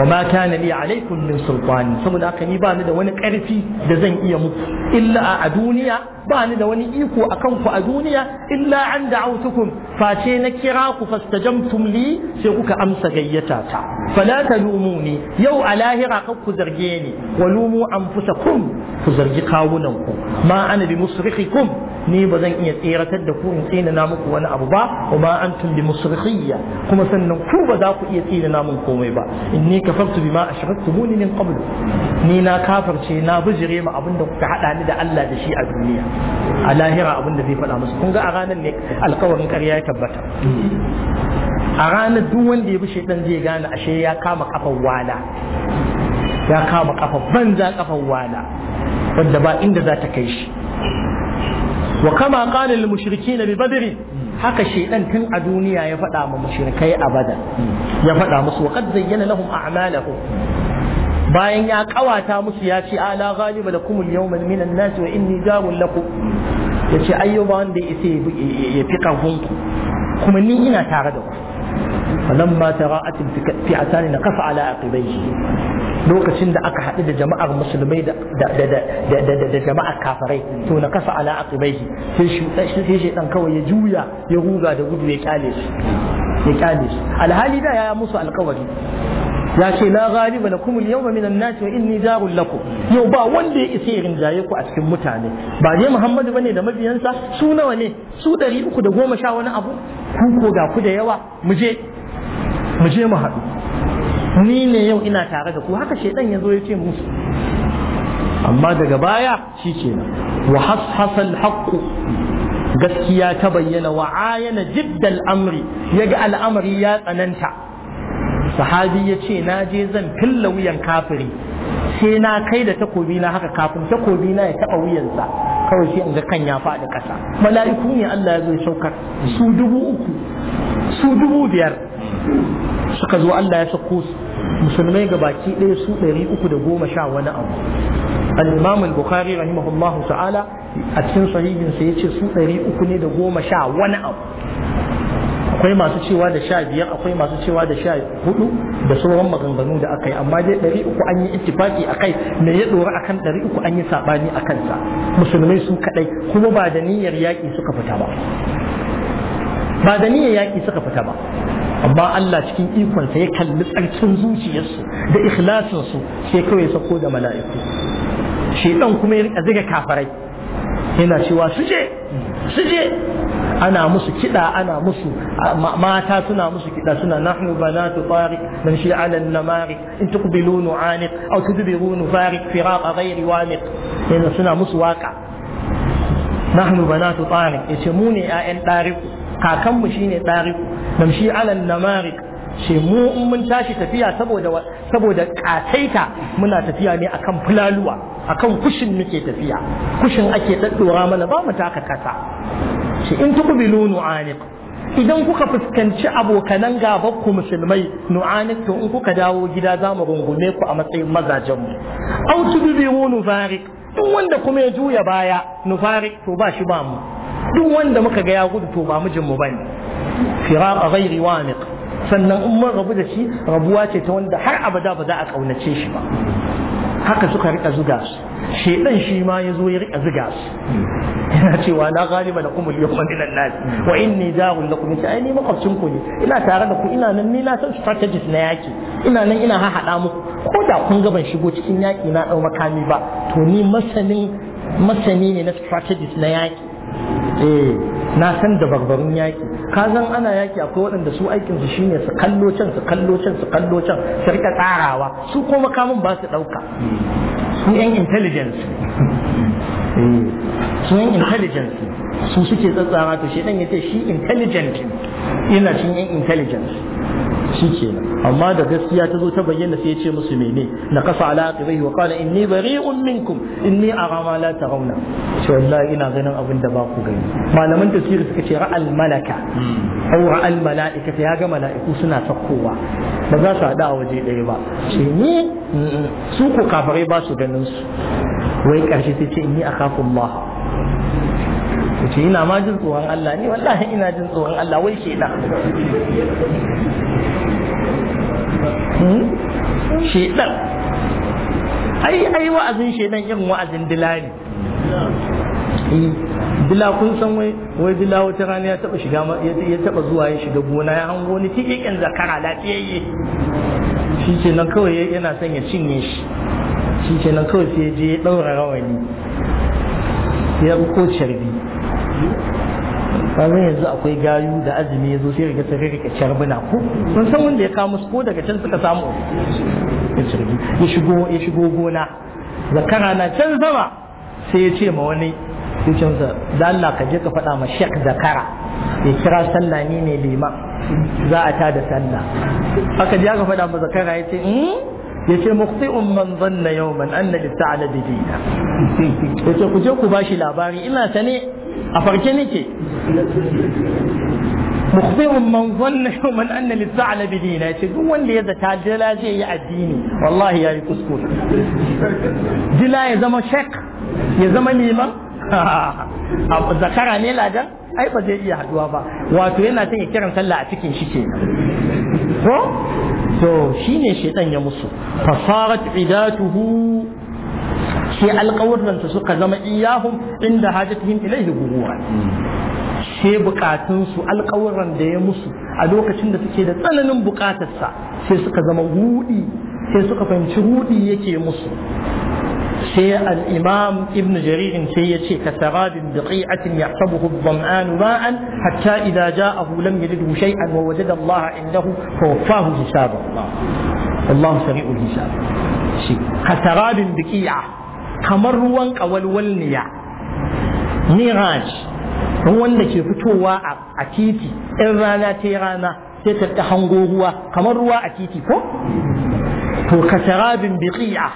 wa ma kana li alaikum min sultani saboda haka yi bani ni da wani ƙarfi da zan iya muku illa a duniya ba ni da wani iko akan ku a duniya illa an da'awtukum face na kira ku fastajamtum li sai kuka amsa gayyata ta fala talumuni yau a lahira kan ku zarge ni wa lumu anfusakum ku zargi kawunan ku ma ana bi musrikhikum ni ba zan iya tseratar da ku in tsinana muku wani abu ba wa ma antum bi musrikhiyya kuma sannan ku ba za ku iya tsina mun komai ba inni kafartu bima ashraktumuni min qablu ni na kafarce na bijire ma abinda kuka hada ni da Allah da shi a duniya a lahira abin da zai faɗa musu kun ga a ranar ne alkawarin ƙarya ya tabbata a ranar duk wanda ya bi shaidan zai gane ashe ya kama kafar wala ya kama kafar banza kafar wala wadda ba inda za ta kai shi wa kama qala lil na bi haka shaidan tun a duniya ya faɗa ma mushrikai a badar ya faɗa musu wa qad zayyana lahum a'malahum bayan ya kawata musu ya ce ala ghaliba lakum al-yawma min an-nas wa inni jarun lakum yace ayyuba wanda yace ya fi karfin ku kuma ni ina tare da ku falamma tara'at fi'atan naqaf ala aqibayhi lokacin da aka haɗu da jama'ar musulmai da jama'ar kafirai to na kafa ala aqibaihi sai shi dan kawai ya juya ya huga da gudu ya kyale shi? ya kyale su alhali da ya musu alƙawari. ya ce la ghaliba lakum al-yawma min an-nas wa inni jarun lakum yau ba wanda ya isa irin jaye ku a cikin mutane ba ne Muhammadu bane da mabiyansa su nawa ne su da goma sha wani abu ku ko ga ku da yawa mu je mu mu haɗu ni ne yau ina tare da ku haka shedan ya zo ya ce musu amma daga baya shi na wa hashasa al gaskiya ta bayyana wa ayana jiddal amri yaga al'amari ya tsananta sahabi ya ce na je zan filla wuyan kafiri sai na kai da takobi na haka kafin takobi na ya taba wuyansa kawai sai in ga kan ya faɗi ƙasa mala'iku ne Allah ya zo saukar su dubu uku su dubu biyar suka zo Allah ya sako musulmai ga baki ɗaya su ɗari uku da goma sha wani abu al-imam al-bukhari rahimahullahu ta'ala a cikin sahihinsa yace su ɗari uku ne da goma sha wani abu akwai masu cewa da sha biyar akwai masu cewa da sha hudu da sauran maganganu da aka yi amma dai ɗari uku an yi ittifaki a kai me ya ɗora akan ɗari uku an yi saɓani a kansa musulmai su kaɗai kuma ba da niyyar yaƙi suka fita ba ba da niyyar yaƙi suka fita ba amma Allah cikin ikonsa ya kalli tsarkin zuciyarsu da ikhlasinsu sai kawai ya sako da mala'iku shedan kuma ya rika ziga kafarai yana cewa su je su je ana musu kiɗa ana musu mata suna musu kiɗa suna nahnu banatu tariq man shi ala namarik in tuqbilu nu'aniq aw tudbiru nufariq firaqa ghairi waniq yana suna musu waka nahnu banatu tariq yace mu ne ƴaƴan tariq kakanmu shine tariq man shi ala namarik ce mu in mun tashi tafiya saboda saboda kataita muna tafiya ne akan fulaluwa akan kushin muke tafiya kushin ake daddora mana ba mu taka kasa ce in nu nu'anik idan kuka fuskanci abokanan gaba ku musulmai nu'anik to in kuka dawo gida za mu rungume ku a matsayin mazajen mu aw nu nufarik duk wanda kuma ya juya baya nu nufarik to ba shi ba mu duk wanda muka ga ya gudu to ba mijin mu bane firaq ghairi wanik sannan in mun rabu da shi rabuwa ce ta wanda har abada ba za a kaunace shi ba haka suka rika zuga su shedan shi ma ya zo ya rika zuga su yana cewa na galiba da kumul yawma min an-nas wa inni jahul lakum ta ai ni makwabcin ku ne ina tare da ku ina nan ni na san strategies na yaki ina nan ina hahada muku ko da kun ga ban shigo cikin yaki na ɗau makami ba to ni masanin masani ne na strategies na yaki eh na san da barbarun yaki ka san ana yaki akwai waɗanda su aikin su shine su kallo can su kallo can su kallo can su rika tsarawa su ko kamun ba su ɗauka su yan intelligence eh, su yan intelligence su suke tsatsara to shi dan yace shi intelligent yana cin yan intelligence shi kenan amma da gaskiya ta zo ta bayyana sai ya ce musu mene na kasa ala aqibaihi wa qala inni bari'un minkum inni ara ma la tarawna ce wallahi ina ganin abin da ba ku gani malaman tafsiri suka ce ra'al malaka aw ra'al mala'ika ya ga mala'iku suna sakkowa ba za su hada a waje ɗaya ba ce ni mm, mm, su ko kafirai ba su ganin su wai karshe sai ce inni akhafu Allah ce ina ma jin tsoron Allah ne wallahi ina jin tsoron Allah wai shaidan hmm? shaidan ai ai wa'azin shaidan irin wa'azin dilani eh, dila kun san wai wai dila wata rana ya taba shiga ya taba zuwa ya shiga gona ya hango ni yakin zakara lafiyayye shi ce nan kawai yana son ya cinye shi shi ce nan kawai sai ya je ya ɗaura rawani ya ko sharbi kaga yanzu akwai gayu da azumi ya zo sai riga sai rika carbuna ko sun san wanda ya kawo musu ko daga can suka samu ya shigo ya shigo gona zakara na can sama sai ya ce ma wani cikinsa da Allah ka je ka faɗa ma shek Zakara ya kira sallah ni ne lima za a tada sallah aka je aka faɗa ma Zakara ya ce hmm? ya ce muqti'un man zanna yawman anna da bidina ya ce ku je ku bashi labari ina sane a farke nake mukhbirun man zanna yawman anna lis-sa'labi dina yace duk wanda ya zata dila zai yi addini wallahi yayi kuskure dila ya zama shek ya zama liman zakara ne ladan ai ba zai iya haduwa ba wato yana ta ya kiran sallah a cikin shi kenan ko to shine shedan ya musu fasarat idatuhu sai alƙawurransa suka zama iyahum inda hajatihim ilaihi guguwa sai bukatunsu alƙawurran da ya musu a lokacin da suke da tsananin bukatarsa sai suka zama hudi sai suka fahimci hudi yake musu sai al'imam ibn jaririn sai ya ce ka sarabin da ƙi'atin ya sabu hubban an ma'an hatta idan ja a hulam ya jidu shai an waje da Allah indahu fawafahu hisaba Allah sari'ul hisab shi ka sarabin da ƙi'a kamar ruwan ƙawalwalniya miraj ruwan da ke fitowa a titi in rana ta rana sai ta ta hango ruwa kamar ruwa a titi ko to ka sarabin biqi'a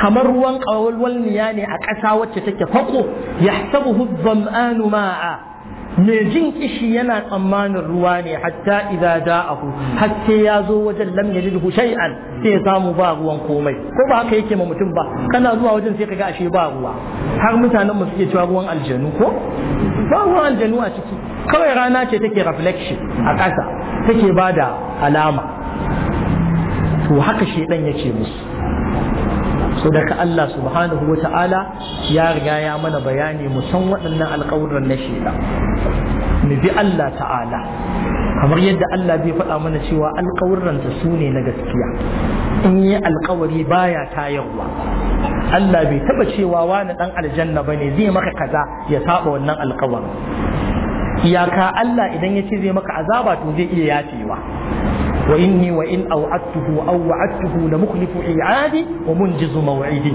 kamar ruwan ƙawalwalniya ne a ƙasa wacce take fako yahsabuhu dham'anu ma'a mai jin kishi yana tsammanin ruwa ne hatta idza da'ahu hatta ya zo wajen lam yajidhu shay'an sai ya samu ba ruwan komai ko ba haka yake ma mutum ba kana zuwa wajen sai kaga ashe ba ruwa har mutanen mu suke cewa ruwan aljanu ko ba ruwan aljanu a ciki kawai rana ce take reflection a ƙasa take da alama to haka shedan yake musu so Allah subhanahu wa ta'ala ya riga ya mana bayani mu san waɗannan alƙawuran na shida mu bi Allah ta'ala kamar yadda Allah zai faɗa mana cewa alƙawurransa su ne na gaskiya in yi alƙawari baya tayarwa Allah bai taɓa cewa wani ɗan aljanna ba ne zai maka kaza ya saɓa wannan alƙawarin iyaka Allah idan ya ce zai maka azaba to zai iya yafewa وإني وإن أوعدته أو وعدته لمخلف إيعادي ومنجز موعدي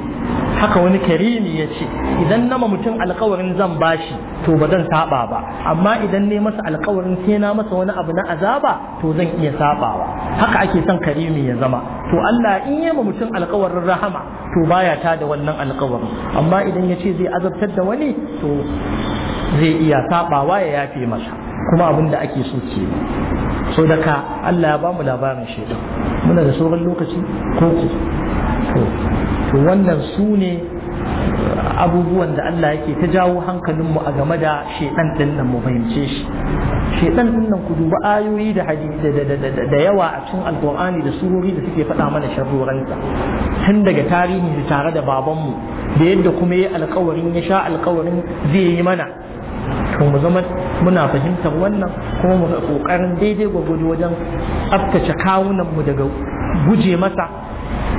haka wani karimi ya ce idan na mutum alkawarin zan bashi to ba zan saba ba amma idan ne masa alkawarin sai na masa wani abu na azaba to zan iya sabawa haka ake son karimi ya zama to Allah in yi ma mutum alkawarin rahama to baya ta da wannan alkawarin amma idan ya ce zai azabtar da wani to zai iya sabawa ya yafe masa kuma abin da ake so ke so da ka Allah ya bamu labarin shaidan muna da sauran lokaci ko ku to wannan su ne uh, abubuwan da Allah yake ta jawo hankalinmu a game da shaidan din nan mu fahimce shi shaidan din nan ku duba ayoyi da da yawa a cikin alkur'ani da surori da suke faɗa mana sharroransa tun daga tarihi da tare da babanmu da yadda kuma ya alkawarin ya sha alkawarin zai yi mana Kuma mu zama muna fahimtar wannan kuma mu ga kokarin daidai gwagwado wajen tsaftace kawunan mu daga guje masa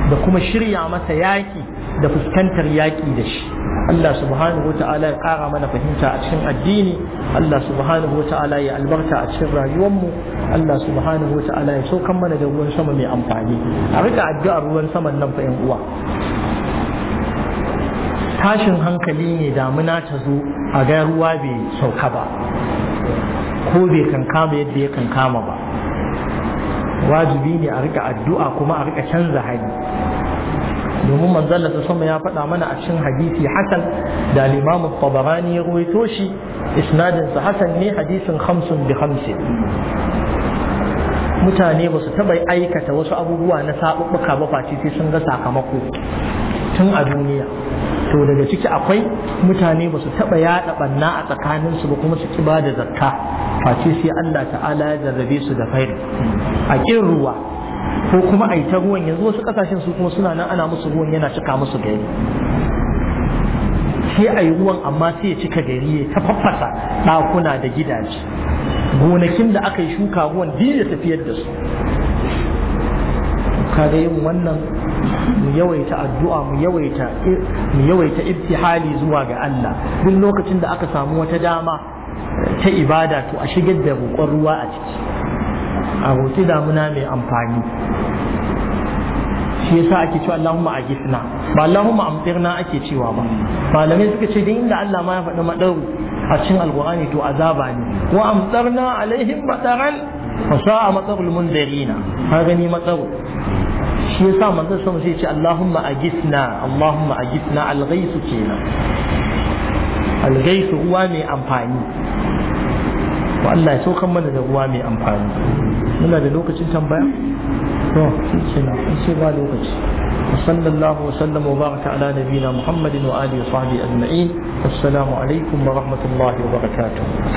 da kuma shirya masa yaki da fuskantar yaki da shi Allah subhanahu wata'ala ya kara mana fahimta a cikin addini Allah subhanahu wata'ala ya albarta a cikin rayuwarmu Allah subhanahu wata'ala ya saukan mana da ruwan sama mai amfani a rika addu'ar ruwan saman nan fa yan uwa tashin hankali ne damuna ta zo a ga ruwa bai sauka ba ko bai kankama yadda ya kankama ba wajibi ne a rika addu'a kuma a rika canza hali domin manzalla ta sama ya faɗa mana a cikin hadisi hasan da limamu tabarani ya ruwaito shi sa hasan ne hadisin hamsin da hamsin mutane ba su taɓa aikata wasu abubuwa na saɓuɓɓuka ba face sai sun ga sakamako tun a duniya to daga ciki akwai mutane ba su taɓa yaɗa ɓanna a tsakaninsu ba kuma su ki da zakka face sai Allah ta'ala ya zarrabe su da fari. a ƙin ruwa ko kuma a yi ta ruwan yanzu wasu ƙasashen su kuma suna nan ana musu ruwan yana cika musu gari sai a yi ruwan amma sai ya cika gari ya ta faffasa ɗakuna da gidaje gonakin da aka yi shuka ruwan duk ya tafiyar da su Kada yin wannan mu yawaita addu'a mu yawaita mu yawaita ibtihali zuwa ga Allah duk lokacin da aka samu wata dama ta ibada to a shigar da roƙon ruwa a ciki a roƙi damuna mai amfani shi yasa ake cewa Allahumma agifna ba Allahumma amtirna ake cewa ba malamai suka ce din inda Allah ma ya faɗi madaru a cikin alqur'ani to azaba ne wa amtarna alaihim mataran fa sa'a matsarul munzirina ka gani matsaru shi yasa manzon sama sai ya ce Allahumma ajisna Allahumma ajisna alghaisu kenan alghaisu ruwa mai amfani wa Allah ya saukan mana da ruwa mai amfani muna da lokacin tambaya to shi kenan sai ba lokaci وصلى الله وسلم وبارك على نبينا محمد وآله وصحبه أجمعين والسلام عليكم ورحمة الله وبركاته